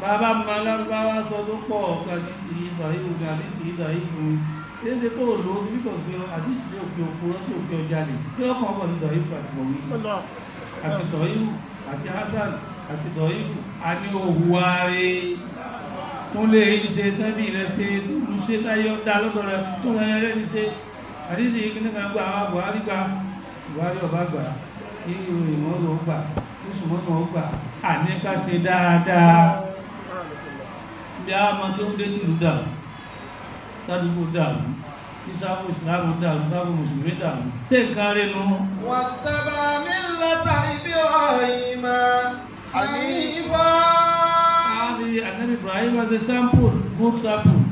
S3: bàbá mọ́ lárúbáwá sọ tó pọ̀ kàdísì ìsàíwò kàdísì ìdàí fún léṣe tó lò ó nígbà pé àdísì tí òkè òkú rántí òkè ọjà lè tí ó kàn pọ̀ ní dọ̀yí pàtàkì àti sọ̀yíwò àti hasan àti dọ̀yí a ní òhùwà rẹ̀ tó lè ṣe tẹ́bí rẹ̀ ṣe tó ṣe táyọ̀ dá lọ́dọ̀ rẹ̀ tó rẹ̀ rẹ̀ ní ṣe àdísì yìí kí nígbà gbà Buhari àníkà ṣe dáadáa bí a máa tí ó dé tìlú dàrú tàdúgbò dàrú tí sáfò ìsìláàmù dàrú sáfò mùsùlùmí dàrú tí ń kárí nú
S1: wàtàbà mílẹ̀ta ibi
S3: ọ̀yìnmá good sample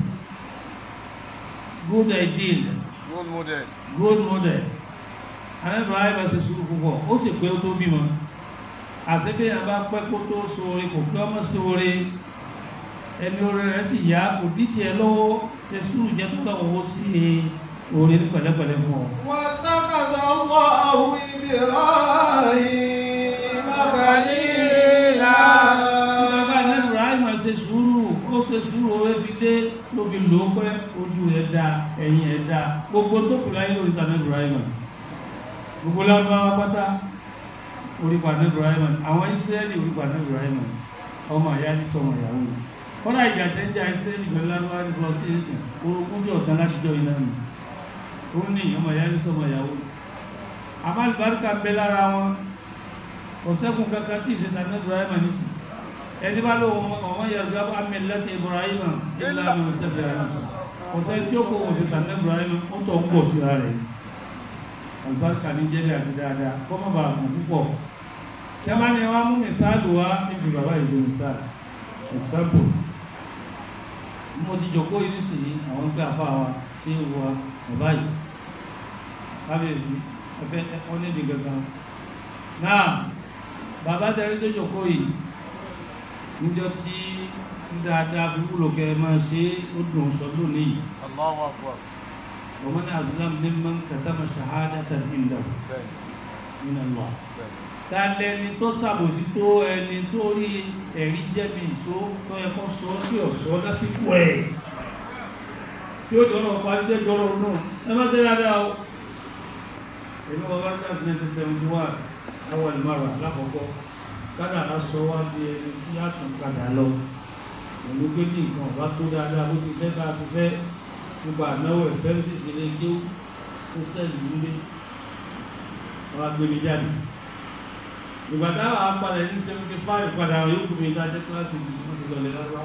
S3: good ideal good model good model ànábì Ibrahim as a sùúrù púpọ̀ ó sì pé ó tó bímọ àti bí a bá pẹ́ kó tó sóore kò kí ọmọ sóore ẹni orí rẹ̀ sì yá kò dí ti ẹ lọ́wọ́ ṣe sùúrù jẹ́ tó lọ́wọ́ ó sí ní orí ní pẹ̀lẹ́pẹ̀lẹ́ fún
S1: ọ. wọ́n tákàtà wọ́ àwọn ibi ọ̀hìn mọ́kànlélá. bàbá ẹlẹ́nu ráìmọ̀
S3: ṣe sùúrù ó ṣe sùúrù ó fi dé ló fi lò ó pẹ́ ojú ẹ̀ dá ẹ̀yìn ẹ̀ dá gbogbo tó kù láyé lórí tàbí ráìmọ̀ gbogbo lárúbáwá pátá orí pàdé ráìmọ̀ àwọn ìsírẹ́lì orí pàdé ráìmọ̀ ọmọ ìyá ní sọmọ ìyàwó kọ́nà ìjà tẹ́ ń jà ìsẹ́lì pẹ̀lú lágbàájú lọ sí ìrìsìn orogún tí ọ̀tá látijọ́ ìlànà ó ní ọmọ ìyá ní sọmọ ìyàwó àmàlùbáríkà ń bẹ lára wọn ọ̀sẹ́kùn kankan tí ìṣẹ́ta ní ibrahim nìsí ẹni bá lóhun ọmọ yàrá amẹ́ láti ibrahim ìlànà ọ̀sẹ́ tí ó kó òṣèta ní ibrahim ó tọ́ ń pọ̀ síra rẹ̀ àlùbáríkà ní jẹ́rẹ̀ àti dáadáa kọ́mọ̀ bàá mọ̀ púpọ̀ tẹ́mání wá mú mìsáàlù example mo ti jòkó yìí nísìnyí àwọn ń pè àfá wa sí ìwà bàbá yìí kábíyèsí ẹfẹ́ onídìí gẹ̀gẹ̀ náà bàbá tẹ́rẹ́ tó jòkó yìí níjọ tí dáadáa fi wúlò kẹ máa ṣe ó dùn sọdún ní ọmọ náà tàlẹ́ni tó sàbòsí tó ẹni tó rí ẹ̀rí jẹ́mi ìṣó tó ẹkọ́ sọ tí ò sọ lásìkò ẹ̀ tí ó jọ́rọ̀ ọ̀pá jẹ́ jọ́rọ̀ náà ẹ má ṣe rárá o èmi wọ vargas 1971 àwọn ìmọ̀ràn lákọ̀ọ́kọ́ kádà á sọ wá bí ẹni tí á tún padà lọ pẹ̀lú pé ní nǹkan ọ̀bá tó dáadáa bó ti fẹ́ bá ti fẹ́ gbogbo ànáwó ẹ̀fẹ́ sì sílé kí ó sẹ́yìn nílé wọn gbé mi jáde ìgbà táwọn apàdà ní 75 padà yóò kú mi ìdájẹ́ kíláàsì ti fún ti lọ lẹ́lọ́wọ́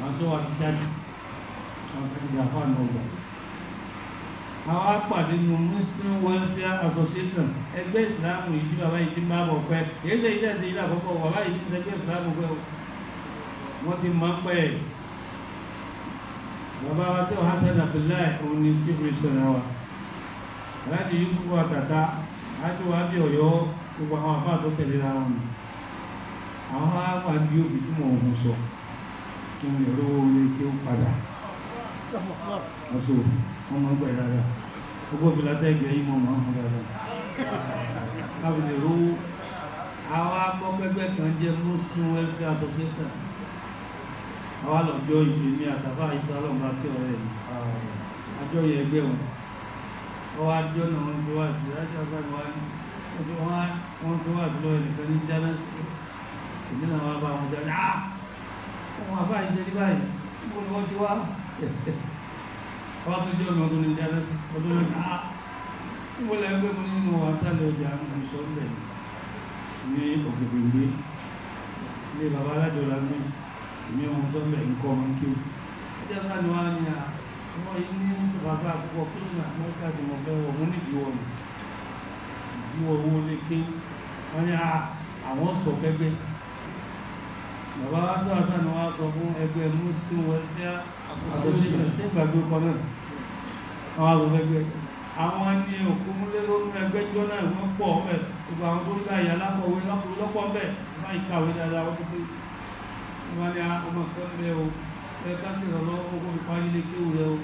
S3: àwọn tó wà ti jáde àwọn kàtìgbà fáànù ọgbà àwọn apàdé nù Muslim Welfare Association ẹgbẹ́ ìsìláàmù ìdí bàbá ìdí bá bọ̀ pẹ́ èyílẹ̀ ilẹ̀ sí ilẹ̀ àkọ́kọ́ bàbá ìdí sẹgbẹ́ ìsìláàmù pẹ́ wọ́n ti máa ń pẹ́ bàbá wa sí Hasan Abdullahi òun gbogbo àwọn àfáà tó tẹ̀lé ara wọn àwọn àwà bí ó fi túnmọ̀ ohun sọ kí wọ́n lè rówó orí kí ó padà aṣòfin wọ́n mọ́ gbẹ̀ dáadáa gbogbo fìlà tẹ́gẹ̀ẹ́ yìí mọ́ mọ́ mọ́ dáadáa láti lè rówó àwọn akọ́gbẹ́gbẹ́ kan jẹ́ Muslim Welfare Association àwọn àlọ́jọ́ ìgbè ní àtàfà ẹgbẹ́ wọn ọwọ́ àjọ náà wọ́n fi wá sí ajá sáà wáyé ẹbí wọn wọn tí wọ́n àti lọ́wọ́ ẹnìkan ní jáná sí bá wọn jáde àá wọn wá báyìí ṣe rí báyìí níbo ni wọ́n ti wá wọ́n tó jẹ́ ọ̀nà ọdún ní jáná sí ọdún lọ́nà àá níbo lẹ́yìn pé mo nínú wa sálẹ̀ ọjà ń sọ ń bẹ̀ ní òkèkè gbé ilé bàbá alájọra mi èmi ọmọ sọ ń bẹ̀ ń kọ́ ni wọ́n á ní à wọ́n yìí ní sọ̀fàfà púpọ̀ kí ló ju owó lé ké wọ́n ní ah, àwọn sọ fẹ́gbẹ́ bàbá wá sọ àṣà ni wọ́n sọ fún ẹgbẹ́ Muslim Welfare Association sí ìgbàgbé kan náà àwọn sọ fẹ́gbẹ́ àwọn ni òkú múlé lórí ẹgbẹ́ jọ náà wọ́n pọ̀ ọ̀fẹ́ gbogbo àwọn tó rígbà ìyá lápọ̀wé lọ́pọ̀ lọ́pọ̀ ń bẹ̀ bá ìkàwé dáadáa wọ́n tó wọ́n ni ah, ọmọ kan bẹ́ o ẹ ká sì rọ̀ lọ́wọ́ ogun ìparí lé kéwù rẹ o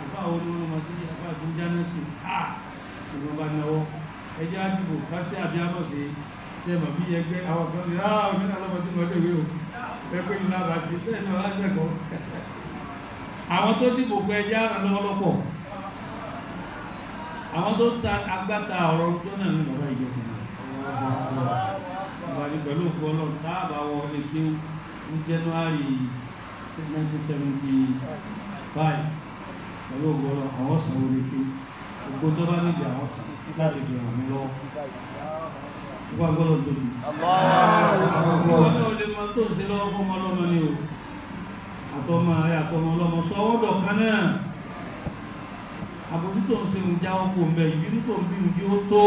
S3: àfáà olóòrùn àti àfáà tó ń jáná sí à ah! ìgbọ̀nba náà ẹjẹ́ àdìbò kásí àbíámọ̀ sí ṣe mọ̀ bí ẹgbẹ́ àwọn kan rírá òmìnira lọ́mọdé lọ́dẹ̀ ìwé o ẹgbẹ́ ìlú lára sí bẹ́ẹ̀ ni wọ́n á gbẹ̀kọ́ àwọn tó dìbò pé ẹjẹ́ àrùn lọ́wọ́ lọ́pọ̀ àwọn tó ta agbáta ọ̀rọ̀ tó náà ní bàbá ìjọba ìbàdí pẹ̀lú òkú ọlọ́run táàbà wọ ilé kí ó ní January 1975 pẹ̀lú òkú ọlọ́run àwọn ọ̀sán orí kí ó gbogbo tó bá nídìí àwọn láti fi hàn mí lọ́wọ́ ìwà gbọ́dọ̀ tó bí ìwọ́n náà lè máa tó ṣe lọ́wọ́ fọ́mọ ọlọ́mọ ni o àtọmọ rẹ àtọmọ ọlọ́mọ sọ ọwọ́dọ̀ kan náà àbójútó ń se ń já ọkọ̀ ń bẹ ìbínú tó ń bínú jí ó tó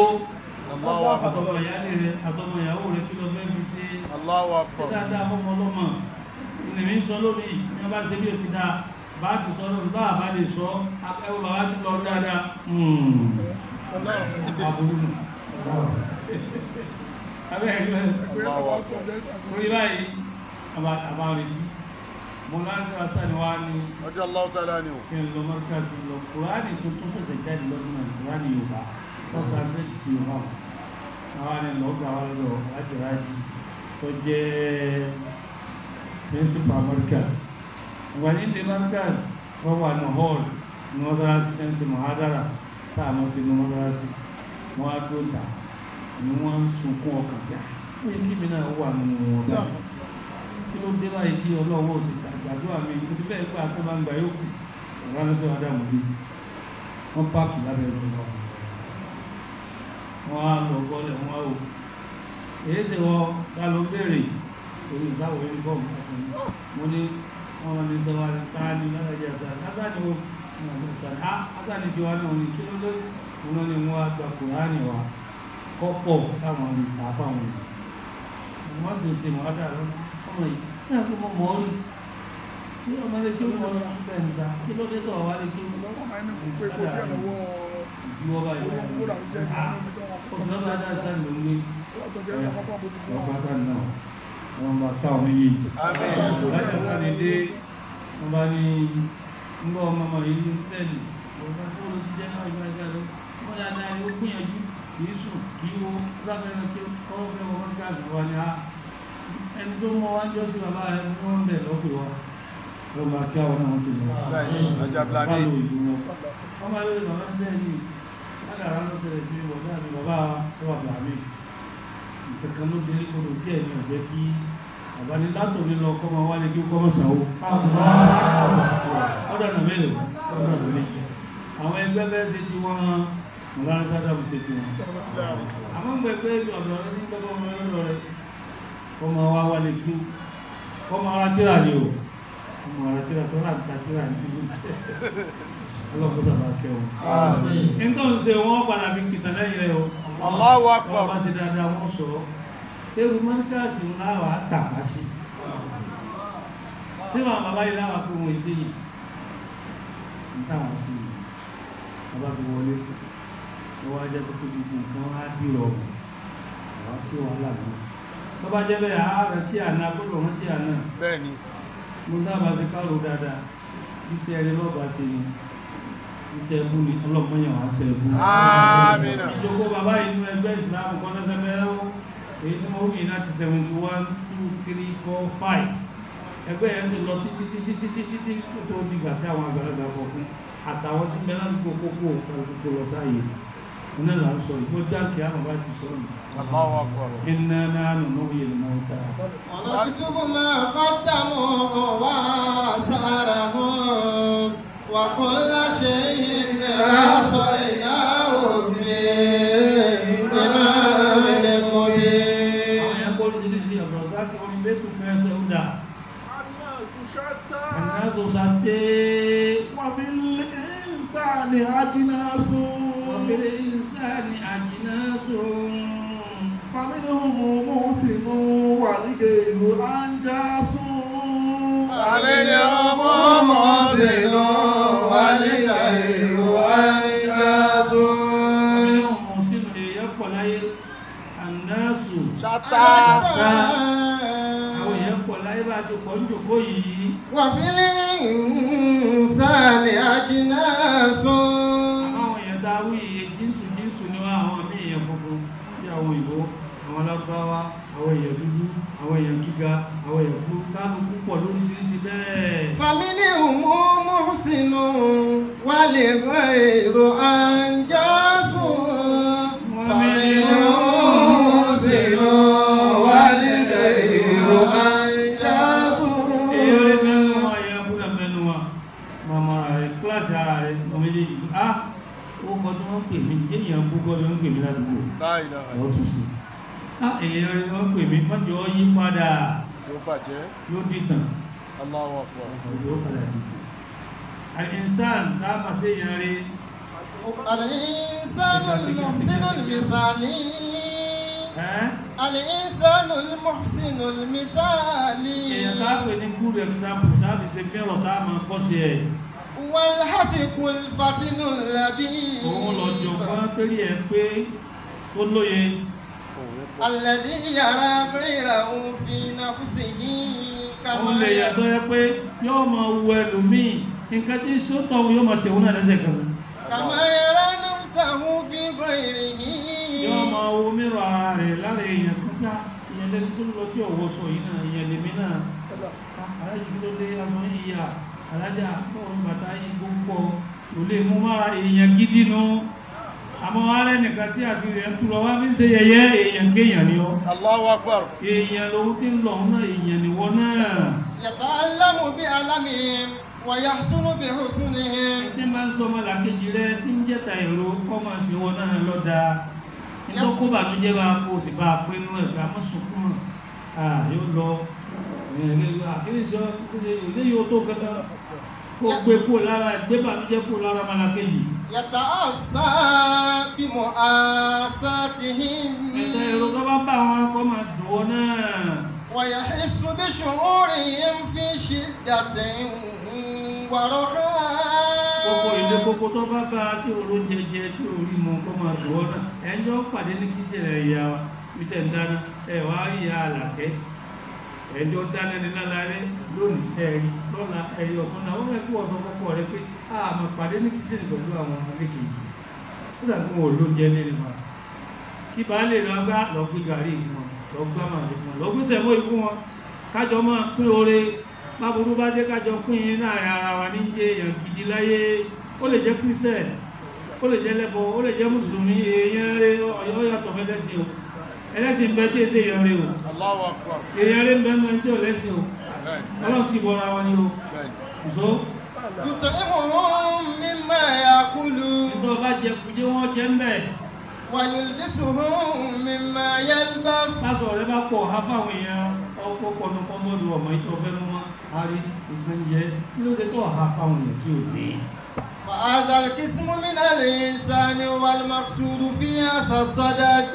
S2: àtọmọ ìyálé
S3: rẹ àtọmọ ìyàwó rẹ kí lọ fẹ́ fi ṣe sí bá ti sọ lórí bá àbá lè sọ akẹ́wọ́ bàbá ti lọ dáadáa hmm. àbúrú nù abẹ́ ẹgbẹ́ orí báyìí àbá retí mo láti wá sáà ni wá ní ọjọ́ aláwọ̀tálá ni ò kí n lọ mọ́ríkàsì lọ kùránì tó tó sẹ̀sẹ̀ jáde lọ́dún náà kùránì Yorùbá tọ́ta sẹ́ẹ̀tì sí Yorùbá àwọn ni lọ́gbà wá lọ́dọ̀ láti rájí tó jẹ́ principal mọ́ríkàsì ìgbàní demarcus wọ́n wà ní hall ní mọ́sálásí tẹ́ ń ṣe mọ̀hádára táàmọ́ sí ní mọ́sálásí wọ́n á tó tà ní wọ́n ń sunkún ọkàn pé ah, pé kí mi náà wà nínú wọn bá kí ló dé láì tí ọlọ́wọ́ sì ta gbàdúrà mi mo ti bẹ́ẹ̀ gbà tó bá ń gbà yóò kù adamu dé wọ́n páàkì lábẹ́ ẹ̀rọ ìlọ wọ́n á lọ gọ́lẹ̀ wọ́n á wò èyí sì wọ́n dá lọ béèrè orí ìsáwọ̀ uniform wọn ni sọ wà ní tààlì lọ́dọ̀jẹ́ àṣàrí asáàdì wo àṣàrí asáàdì tí wà náà ní kí ló lé wọn ni wọ́n àgbà kùránì wa kọ́pọ̀ láwọn ọmọ ìta fáwọn èèyàn wọ́n sì ṣe mọ́dà lọ́nà ọmọ yìí náà kí wọ́n mọ́ rí sí ọmọ lè kí wọ́n lọ bẹ́ẹ̀ ń sa kí ló dé tọ̀ wá lè kí wọ́n lọ́wọ́ máa ń kú pé kó bí ọ̀nà wọ́n ìdíwọ́ báyìí wọ́n ó sì lọ́wọ́
S2: wọn bá ká ọmọ yìí láti àwọn àdédé
S3: wọn bá ní ńgbọ́ ọmọ ọmọ yìí bẹ́ẹ̀lì wọn bá tó ló ti jẹ́ náà ìgbà ìgbà lọ wọn dáadáa ni ó gbìyànjú kì í sùn kì í wo láfẹ́ràn kí ọwọ́ fẹ́ wọn ká ni a ẹni tó mọ wá jọ ni wọ́n ní ọ̀jẹ́ kí bàbá ní látò ní lọ kọ́mọ wá lè kí kọ́mọ sàwó ọ̀dọ̀nà mélòó ọ̀dọ̀nà méjì àwọn ẹgbẹ́ fẹ́ sí ti wọ́n mọ̀lára sádàmù sí ti wọ́n àwọn gbẹ̀gbẹ́ ọ̀dọ̀ rẹ̀ ní gbẹ́gbẹ́ ọmọ ẹlọ́rọ̀ rẹ̀ kọ́mọ wá wá lè kí ṣé irú mọ́ríkàsì ń láwàá tàbá sí tí wọ́n bàbá yìí láwàá fún ohun ìṣe yìí ń tàbá sí bàbá fi wọlé wọ́n wá jẹ́ sí pé gbogbo nǹkan wá dìrọ̀ wá sí wàhálà náà tó bá jẹ́ bẹ́ẹ̀ ààrẹ tí àná gbọ́dọ̀ wọ́n tí àná bẹ́ẹ̀ni mo dábàá sí káàrò dáadáa iṣẹ́ ẹrẹ lọ́ba sí ni iṣẹ́ ẹbú ni ọlọ́pọ̀ yàn wá sí ẹbú ìjókòó bàbá ìlú ẹgbẹ́ ìsìlámù kọ́nẹ́sẹ́mẹ́ èyí tí mo wùí láti 71 2 3 4 5 ẹgbẹ́ ẹ̀ sì lọ títí títí títí títí tó dìgbà tí àwọn àgbàlagbà kọ̀ọ̀kan àtàwọn tí mẹ́lá ní kókókó kàlùkù lọ sáyé iná là ń sọ ìgbó jáàkì àwọn bá ti sọ nù iná náà nù mọ́ yìí mọ́ ta ọ̀nà
S1: tuntun máa kọ́ta mọ́ wá sára mọ́ wà kó láṣẹ yìí náà sọ èyí
S3: الإنسان أجناس وفي الإنسان أجناس فمنهم
S1: موسم والغير أنجاس فمنهم موسم والغير أنجاس
S3: موسم يقول الناس شتى àwọn èèyàn pọ̀ láyé bá ti pọ̀ ń jòkó yìí wàfílì
S1: ìsàlẹ̀ àjìnà sùn.
S3: àwọn èèyàn tá a wí jínsù jínsù ni àwọn mí èèyàn funfun bí àwọn òyìnbó àwọn lágbáwá àwọn èèyàn dúdú àwọn èèyàn gíga àwọn èèyàn kú kálukú pọ̀ lóríṣiríṣi bẹ́ẹ̀.
S1: fàmílì òmùmùsìnù wà lè rọ èrò án.
S3: wọ́n tún sí èèyàn rẹ̀ wọ́n pè mí mọ́jọ́ yí padà yóò dìtàn yóò padà dìtàn alìsàn táàmà sí èèyàn rẹ̀
S1: alìsàn sínú ìmìsàní alìsàn sínú ìmìsàní
S3: èèyàn táàpẹ̀ ní good example táàfi ṣe mẹ́rọ táàmà kọ́ sí ẹ̀
S1: wọ́n lásìkò ìfàtínú lẹ́bí òun lọ́jọ́
S3: pọ́n pẹ́lú ẹ̀ pé tó lóye
S1: alẹ́dí yàrá bẹ́ẹ̀rẹ̀ òun fi náfúsì ní kàmọ́ lè yàtọ̀ yẹ
S3: pé yóò mọ̀ wù ẹlòmíì nǹkan tí sótọ̀ yóò mọ̀ sí òun náà lẹ́sẹ̀ kan
S1: kàmọ́ yàrá náà sàmú fi gbọ́ ìrìn yìí yóò mọ̀ wù mírọ̀ rẹ̀ lára èèyàn kápá
S3: ìyẹn lẹ́ni tó lọ kí ló dé aṣọ yìí yà alájà bọ́ọ̀ yìí gbogbo kò lè mú máa èèyàn gidi nù àmọ́ ààrẹ nìkan tí a sì rẹ̀ ń túnlọ wá bí ń ṣe yẹyẹ èèyàn kéèyàn ni ọ Allahu Akbar èèyàn lówó tí ń lọ náà èèyàn ni wọ́n náà yata'allamu bi alamihim wa yahsunu bi husnihim tí máa ń jẹ́ kó lára gbé bà yàtà àṣà
S1: bímọ àṣà ti hìn. ẹ̀tọ́ èrò tó bá bá wọn kọ́ máa dùn ó náà. wàyà ìsùn bí ṣòórì ń fi ṣe dàtẹ̀ wàrọ̀ rẹ̀. gbogbo
S3: ìlé koko tó bá bá tí oró jẹjẹ tí orí mọ kọ́ máa dùn ó náà ẹjọ́ pàdé ní kí ṣẹlẹ̀ ìyá ń dáná ẹ̀ wá ìyá àlàkẹ́ ẹjọ́ dálẹ́ni lálárẹ́ lónìí tẹ́ẹ̀rí lọ́la ẹyọ kan náà wọ́n mẹ́fí ọ̀sán fọ́pọ̀ rẹ pé àmà pàdé ní kìsìnì pẹ̀lú àwọn ọmọlékèjì ó dàbí wọn ló jẹ lẹ́nu wa kí bá lè lọ gbá lọ́gbé gàrí fún wọn lọ́gbá màrí fún wọn lọ́gbé sẹ̀mọ́ ìfún wọn kájọ máa pín oore báburú bá jẹ́ kájọ pín láàrin ara wa ní jẹ́ èèyàn gidi láyé ó lè jẹ́ kírísẹ̀ ó lè jẹ́ lẹ́bọ ó lè jẹ́ mùsùlùmí èèyàn rẹ̀ ọ̀yọ́ yàtọ̀ fẹ́ ẹlẹ́sìn bẹ́ tí èsè ìyọrí o ìyọrí ń bẹ́mọ̀ tí ó lẹ́sìn o ọlọ́run ti bọ́ra wọn ni o ṣó
S1: yùtọ̀ ìmọ̀rún mímọ̀ àkúlù ìtọ́ bá jẹ kùdí wọ́n
S3: jẹ ń bẹ̀ wàyùlbísùhún mímọ̀ yẹlbẹ́s lásọ̀ bá pọ̀ ha ọkọ̀ pọ̀nù
S1: فهذا القسم من الإنسان
S3: والمقصود فيها فالصدد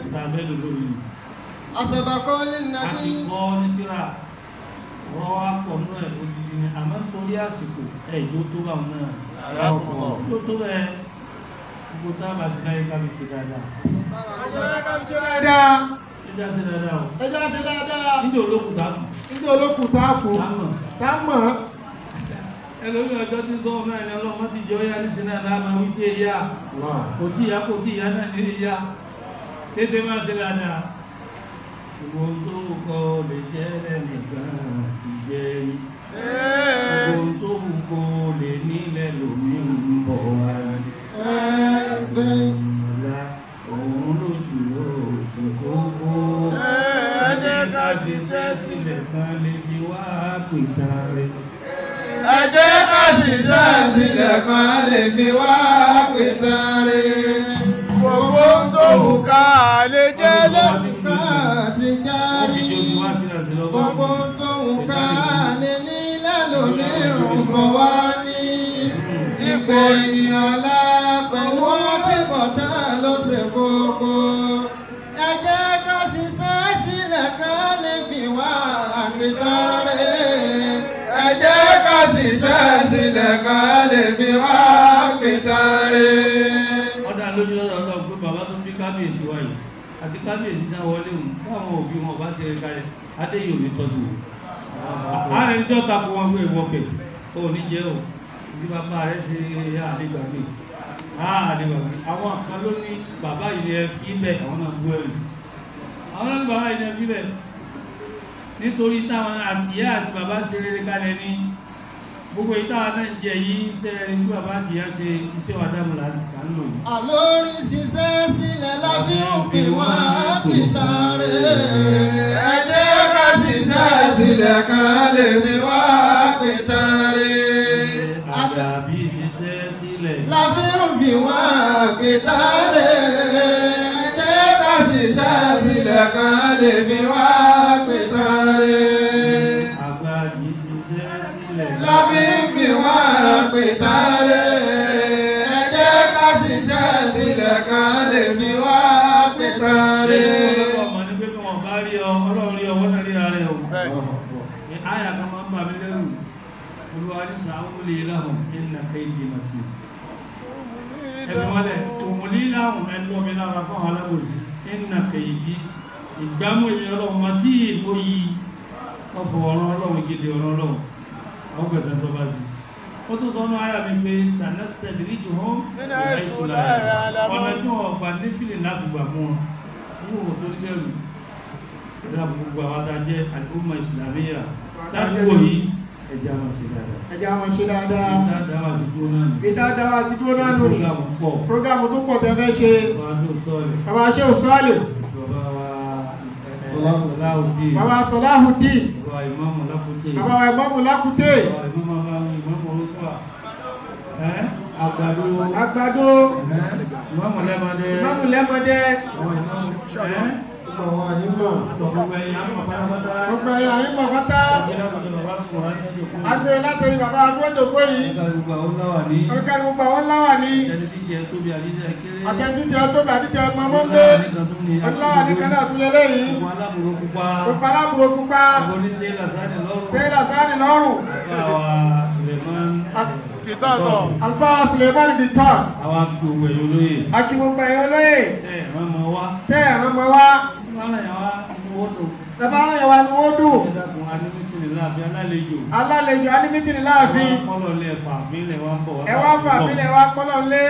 S3: أسبق للنبي wọ́n wá pọ̀ náà òjìjì ni àmọ́ torí àsìkò ẹ̀jọ́ tó bá wọn náà ló tó rẹ̀ gbogbo tábà sí láyé kábi ṣe dáadáa ẹjá ṣe dáadáa nídò
S4: olókùtà kù támọ̀
S3: ẹlòmí ọjọ́ tí sọ ọmọ ẹ̀yàn lọ́mọ ti jọ yá nísìn náà láàmà wí tí ìyá kò tí ìyá kò tí ìyá náà ní ìyá tètè máa ṣe lànà ìwọ̀n tó kọ lè jẹ́ lẹ́nìkan ti jẹ́ rí ìwọ̀n tó kọ lè nílẹ̀ lòmí ń bọ̀ wá rí ìsàsílẹ̀kùn lè fi wá pìtàn rè.
S2: Gbogbo tó wù ká lè jẹ́ lẹ́nu àti jáde. Gbogbo tó wù ká
S1: lè ní lẹ́nu ní wá ní ipò ìyànlá. sílẹ̀ kan lè fi wá pìtàrí.
S3: wọ́n dá lójú lọ́dọ̀ ọlọ́run pé bàbá tó bí kábíyèsí wa yìí àti kábíyèsí náà wọlé òun táwọn òbí wọn bá ṣe kalẹ̀ adéyìí ò ní tọ́sí wọn. àárín tó takò wọn pé ìwọ̀kẹ̀ ò ní jẹ́ o bí bàbá rẹ̀ ṣe àdégbàgbé àdégbàgbé àwọn kan ló ní bàbá ilẹ̀ fi bẹ̀ àwọn náà gbọ́ ẹ̀rù àwọn náà bàbá ilẹ̀ fi bẹ̀ nítorí táwọn àtìyá àti bàbá ṣe rere kalẹ̀ ní gbogbo ìta alẹ́ jẹ yìí iṣẹ́ ẹgbẹ́ bàbá ti yá ṣe ti ṣe wà dámù láti kánú yìí.
S1: àlórí ṣiṣẹ́ sílẹ̀ láti òfin wá pìtà rẹ̀ ẹ jẹ́ ká ṣiṣẹ́ sílẹ̀ ká lè mi wá pìtà rẹ̀. àdàbí ṣiṣẹ́ sílẹ̀. láti òfin wá pìtà rẹ̀ ẹ ká ṣiṣẹ́ sílẹ̀ ká lè mi wá pìtà rẹ̀. pìtàn lé
S3: ẹ jẹ́ ká ṣiṣẹ́ sílẹ̀ kan lè mi wá pìtàn lé. ọmọ ní pé kí wọn bá rí ọ Ọlọ́run rí ọwọ́ náà ríra rẹ o. ní àyà kan máa ń bà mí lẹ́rù olúwa ní sàáwó lè láhùn ìnà kéèdè màtí. ẹ̀sìn wọlé tòmùlí láhùn ẹ̀ lọ́mi lára fún àwọn alábòsí ìnà kéèdè ìgbámú ìyẹn ọlọ́run ma yìí wọ́n fọ ọ̀rọ̀ gidi ọ̀rọ̀ ọlọ́run àwọn pẹ̀sẹ̀ tó bá sí ó tún sọ́nà ara mi pé sànẹ́sẹ̀ lèrí jù hàn ọ̀nà tí wọ́n gbà ní fílì láti gbà mọ́ fún òun tó nígbẹ̀rù ìlà gbogbo àwátá jẹ́ àdúgbò ìsìlàmíyà lágbò yìí ẹjá wọn sí dáadáa ẹjá wọn
S4: sí dáadáa ìdádáwà sí tó náà nù ìdádáwà sí tó náà nù prógámù tó pọ̀ tẹ́fẹ́ ṣe bàbá ṣe òsọ́ọ̀lẹ̀
S3: bàbá sọláhùdín
S4: bàbá ìmọ́mù lákúté
S3: bàbá ìmọ́mù lákúté bàbá ìmọ́mù àgbàdo àgbàdo ìmáàmù lẹ́mọdé ìmáàmù lẹ́mọdé ọ̀wọ̀ àyíkọ̀
S4: ọ̀gbẹ̀yìn àyíkọ̀ pátá agbèrè látòrí bàbá agbójòkó yìí ọ̀gbẹ̀rún gbà wọ́n láwà ní
S3: àtẹ́jíjẹ́ tó bẹ̀ àjíjẹ́ ọmọ mọ́ndé ọláwà ní kanáà túnlẹ̀ lẹ́yìn òpá
S4: alábùrò pupa tẹ́lá sáà nì lọ́rùn
S2: kìtàtọ̀. alfa sulemani
S4: di tax.
S3: àwa kí gbogbo ẹ̀yọ́ lóye.
S4: a kí gbogbo ẹ̀yọ́ lóye.
S3: tẹ ẹ̀rọ mọ wá.
S4: tẹ ẹ̀rọ mọ wá.
S3: bàbá yà wá ni wọ́n dùn.
S4: bàbá yà wá ni wọ́n dùn. ẹ
S3: dàkún alimítìrì láàfin alálejò. alálejò
S4: alimítìrì láàfin. ẹ
S3: wá lé fàfin lẹ̀ wá ń bọ̀ wá. fàfin lẹ̀ wá kọ́lọ̀ lé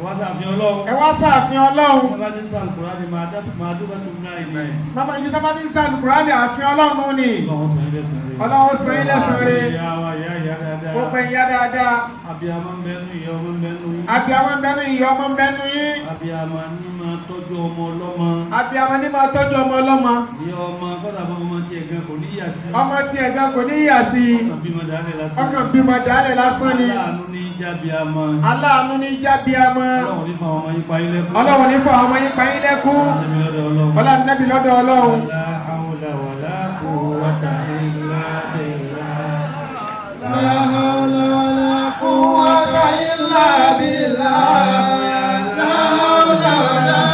S3: ẹ wá sàfihàn ọlọ́run ẹ wá sàfihàn
S4: ọlọ́run bàbá tí ń sàn kùránì máa dúpẹ́ tó múná ìgbà ẹ̀ bàbá yìí tó bá tí ń sàn kùránì àfihàn ọlọ́run ó ní ọlọ́run sọ ilẹ̀ sọ rẹ̀
S3: ó pẹ́ ìyá dáadáa abiyamọ ń bẹnu ìyá ọmọ ń bẹnu yín abiyamọ ń bẹnu ìyá ọmọ ń bẹnu yín abiyamọ ní máa tọ́jú ọmọ ọlọ́mọ abiyamọ ní máa tọ́jú ọmọ ọlọ́mọ ìyá ọmọ kọ́dà ọmọ tí ẹ̀gán kò ní yà sí ọmọ tí ẹ̀gán kò ní yà sí ọkàn bímọ dálẹ̀ lásán ni jábíamọ́. aláàánú ní jábíamọ́. ọlọ́run ní fa ọmọ yín pa
S4: yín lẹ́kún. ọlọ́run ní fa ọmọ yín pa yín lẹ́kún. ọlọ́nàbí lọ́dọ̀ ọlọ́run. La ilaha illallah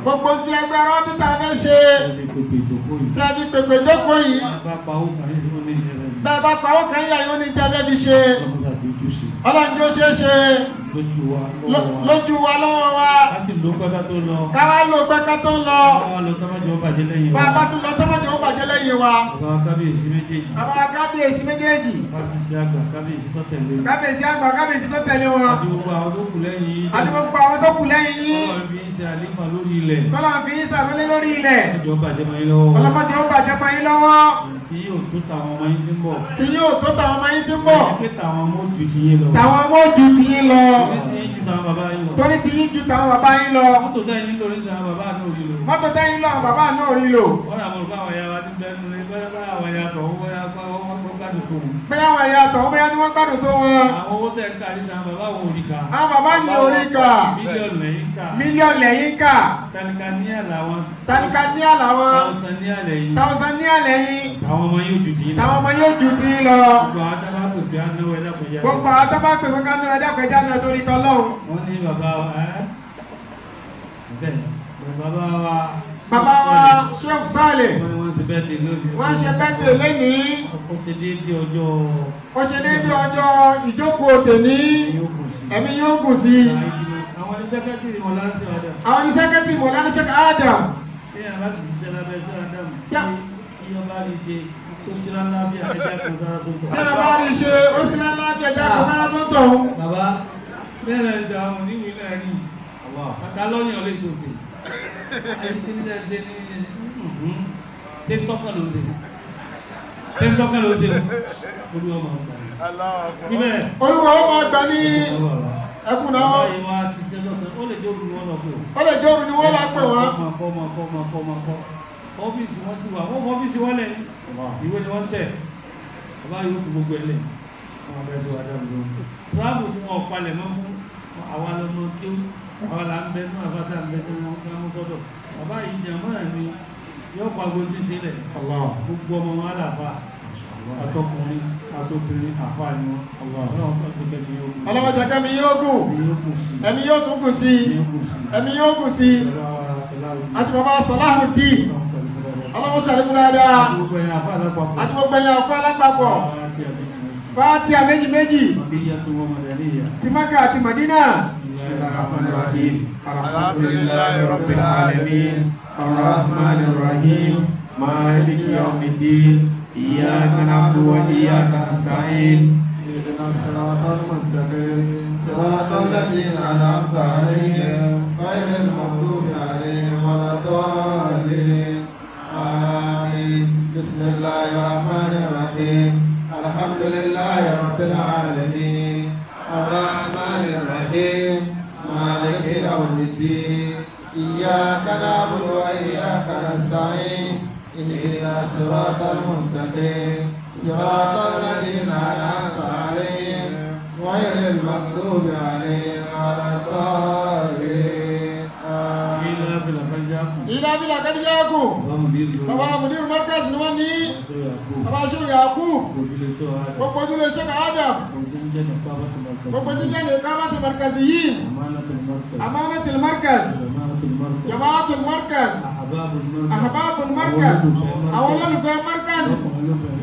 S4: gbogbo tí agbára ọdún tá a fẹ́ ṣe tàbí pèpè jókòó yìí bàbá pàwọ́ kan yà yóò ní jáde fi ṣe ọlọ́run tó ṣe lójú wa lọ́wọ́ wa
S3: ká sì ló pẹ́ká tó lọ káwá
S4: ló pẹ́ká tó lọ
S3: káwá lọ tọ́mọ̀jọ́ bàjẹ́ lẹ́yìn wa bàbá tún
S4: lọ tọ́mọ̀jọ́ bàjẹ́ lẹ́yìn wa
S3: bàbá kábíyèsí méjèèjì bàbá
S4: kábíyèsí méjèèjì
S3: kábíyèsí àgbà kábíyèsí tó tẹ̀lé
S4: kábíyèsí àgbà kábíyèsí tó tẹ̀lé wọn àti gbogbo àwọn tó kù lẹ́yìn yín àti gbogbo àwọn tó kù lẹ́yìn
S3: yín kọ́lá
S4: fi ń ṣe àlífà lórí ilẹ̀
S3: kọ́lá tí yóò tó tàwọn ọmọ yín ti ń bọ̀.
S4: tí yóò tó tàwọn ọmọ yín ti ń bọ̀.
S3: pé tàwọn ọmọ ojú ti yín lọ. tàwọn ọmọ ojú ti yín lọ. torí ti yín ju tàwọn bàbá yín lọ. mọ́tò tẹ́ yín lórí sọ bàbá náà rí lò. mọ́tò tẹ́ yín lọ bàbá náà rí lò. wọ́n rà mọ̀ bá àwọn ẹ̀yà wa ti bẹ́ẹ̀ nù kó wọn.
S4: bóyá àwọn ẹ̀yà àtọ̀ bóyá ni wọ́n gbádùn tó wọn. àwọn
S3: owó tẹ̀ ń ka níta bàbá wọn ò rí ka. àwọn bàbá ní orí ka. mílíọ̀nù lẹ́yìn ka. mílíọ̀nù lẹ́yìn ka. tanikaníà làwọn.
S4: tanikaníà làwọn.
S3: tàwùsàníà lẹ́yìn. tàwùsàníà lẹ́yìn. àwọn ọmọ yóò ju ti lọ. àwọn ọmọ yóò ju Bàbá wa Sheikh Saleh. Wọ́n ṣe bẹ́ẹ̀dì lónìí. Wọ́n ṣe bẹ́ẹ̀dì lónìí. Ó ṣe déédé ọjọ́. Ó ṣe déédé
S4: ọjọ́ ìjókòó tèmi. Ẹ̀mí yóò kù sí.
S3: Àwọn ni sẹ́kẹ́tìrì Mọ̀lánì Adam. Àwọn ni sẹ́kẹ́tìrì Mọ̀lánì Adam. Bí àwọn láti ṣiṣẹ́ lábẹ́ Sheikh Adam tí ọba rí ṣe tó síra ńlá bí àjẹjá kan sára tó tọ̀. Tí ọba rí ṣe ó síra ńlá bí àjẹjá kan sára tó tọ̀. Bàbá bẹ́ẹ̀ ni àwọn oníwèé náà rí. Àtàlọ́yìn ọ̀lẹ́tọ̀ọ̀sẹ̀ ṣé tọ́kàn ló ṣe ṣé tọ́kàn ló ṣe olúwa máa gbà ní olúwa ó máa gbà ní ẹkùn náà ó lè jẹ́ òru ni wọ́n lọ pè wọ́n ó lè jẹ́ òru ni wọ́n lọ pè wọ́n ọmọkọ́ ọmọkọ́ ọmọkọ́ ọ́fíìsì wọ́n sì wà wọ́n fọ́fíìsì wọ́n lẹ̀ ìwé ni wọ́n tẹ̀ ọba yóò fi gbogbo ẹlẹ̀ wọ́n bẹ́ẹ̀ sí wájú àmì lóhun tíráàbù tí wọ́n palẹ̀ mọ́ fún àwọn alọ́mọ kéwù àwọn là ń bẹ ní àfáta ń bẹ tí wọ́n ká mú sọ́dọ̀ bàbá ìjàmọ́ ẹ̀mí yóò pàgbó tí sílẹ̀ gbogbo ọmọ wọn àlàfà àtọkùnrin àtọkùnrin àfà ni wọn ọlọ́run sọ pé kẹ́mi yóò gùn ọlọ́run jẹ́ kẹ́mi yóò gùn ẹ̀mí
S4: yóò tún gùn sí ẹ̀mí yóò gùn sí àti bàbá sọláhùn dì ọlọ́run sọ àdékù dáadáa àti
S3: gbogbo
S4: ẹ̀yà méjì ti Mákà àti Màdínà
S3: بسم الله
S2: الرحمن الرحيم الحمد لله رب العالمين الرحمن
S1: الرحيم مالك يوم الدين إياك نعبد وإياك نستعين اهدنا الصراط المستقيم صراط الذين أنعمت عليهم غير المغضوب عليهم ولا الضالين آمين بسم الله الرحمن الرحيم الحمد لله رب العالمين الرحمن الرحيم الرحيم مالك يوم الدين إياك نعبد وإياك نستعين
S3: إهدنا الصراط المستقيم صراط الذين أنعمت عليهم غير المغضوب عليهم على الضالين
S4: ìdájí làkàdí yáàkù bàbá mùdírù markaz ni wọ́n ní bàbá ṣe yàkù gbogbo ojúlé ṣe ka adam gbogbo jíjẹ́ ní kábàtì markaz yìí
S3: amánàtì markaz jama'atì markaz ahbabul markaz àwọn
S4: olólùfẹ́ markaz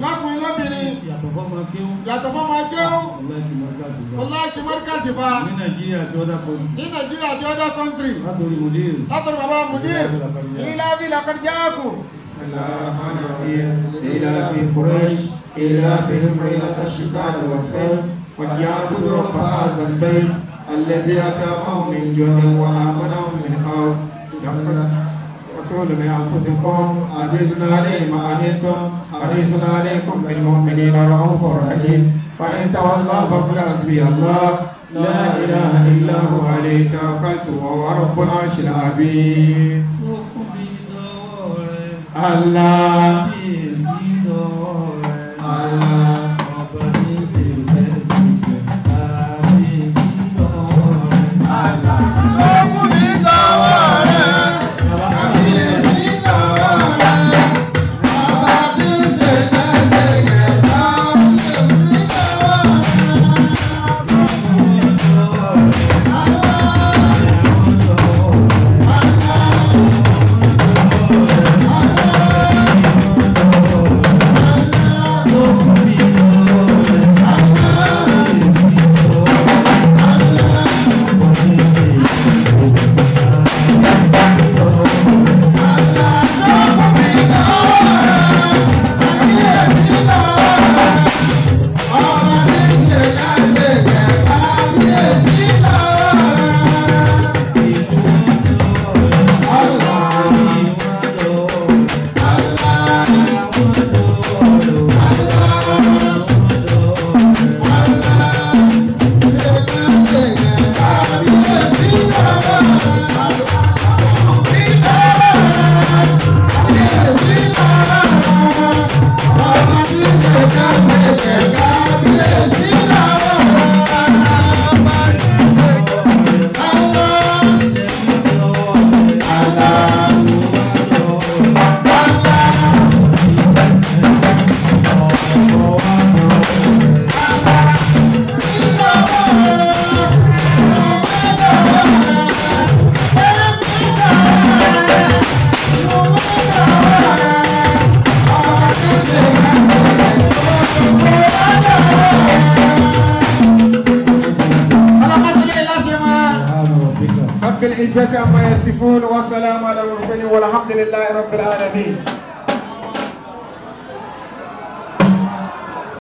S3: lọ́kùnrin lóbìnrin yàtọ̀ fọ́mọ kéwú.
S4: yàtọ̀ fọ́mọ kéwú.
S3: ọláìkì mọ́ríkàsì fa. ọláìkì
S4: mọ́ríkàsì fa. ní
S3: nàìjíríà àti ọ̀dà kọ́ńtì.
S4: ní nàìjíríà àti ọ̀dà kọ́ńtì.
S3: látọ̀rí mudir.
S4: látọ̀rí bàbá mudir. ilá fi làkàdì jáàkù.
S1: ilá fi kúrẹ́ṣ ilá fi mìíràn ṣùkà àdìwọ̀sẹ́ فليعبدوا رب هذا البيت الذي أتاهم من جوع وآمنهم من خوف الرسول من أنفسكم
S4: عزيز عليه ما أنتم حريص عليكم بالمؤمنين رؤوف رحيم فإن تولوا فقل حسبي الله لا إله إلا هو عليه توكلت وهو رب العرش العظيم الله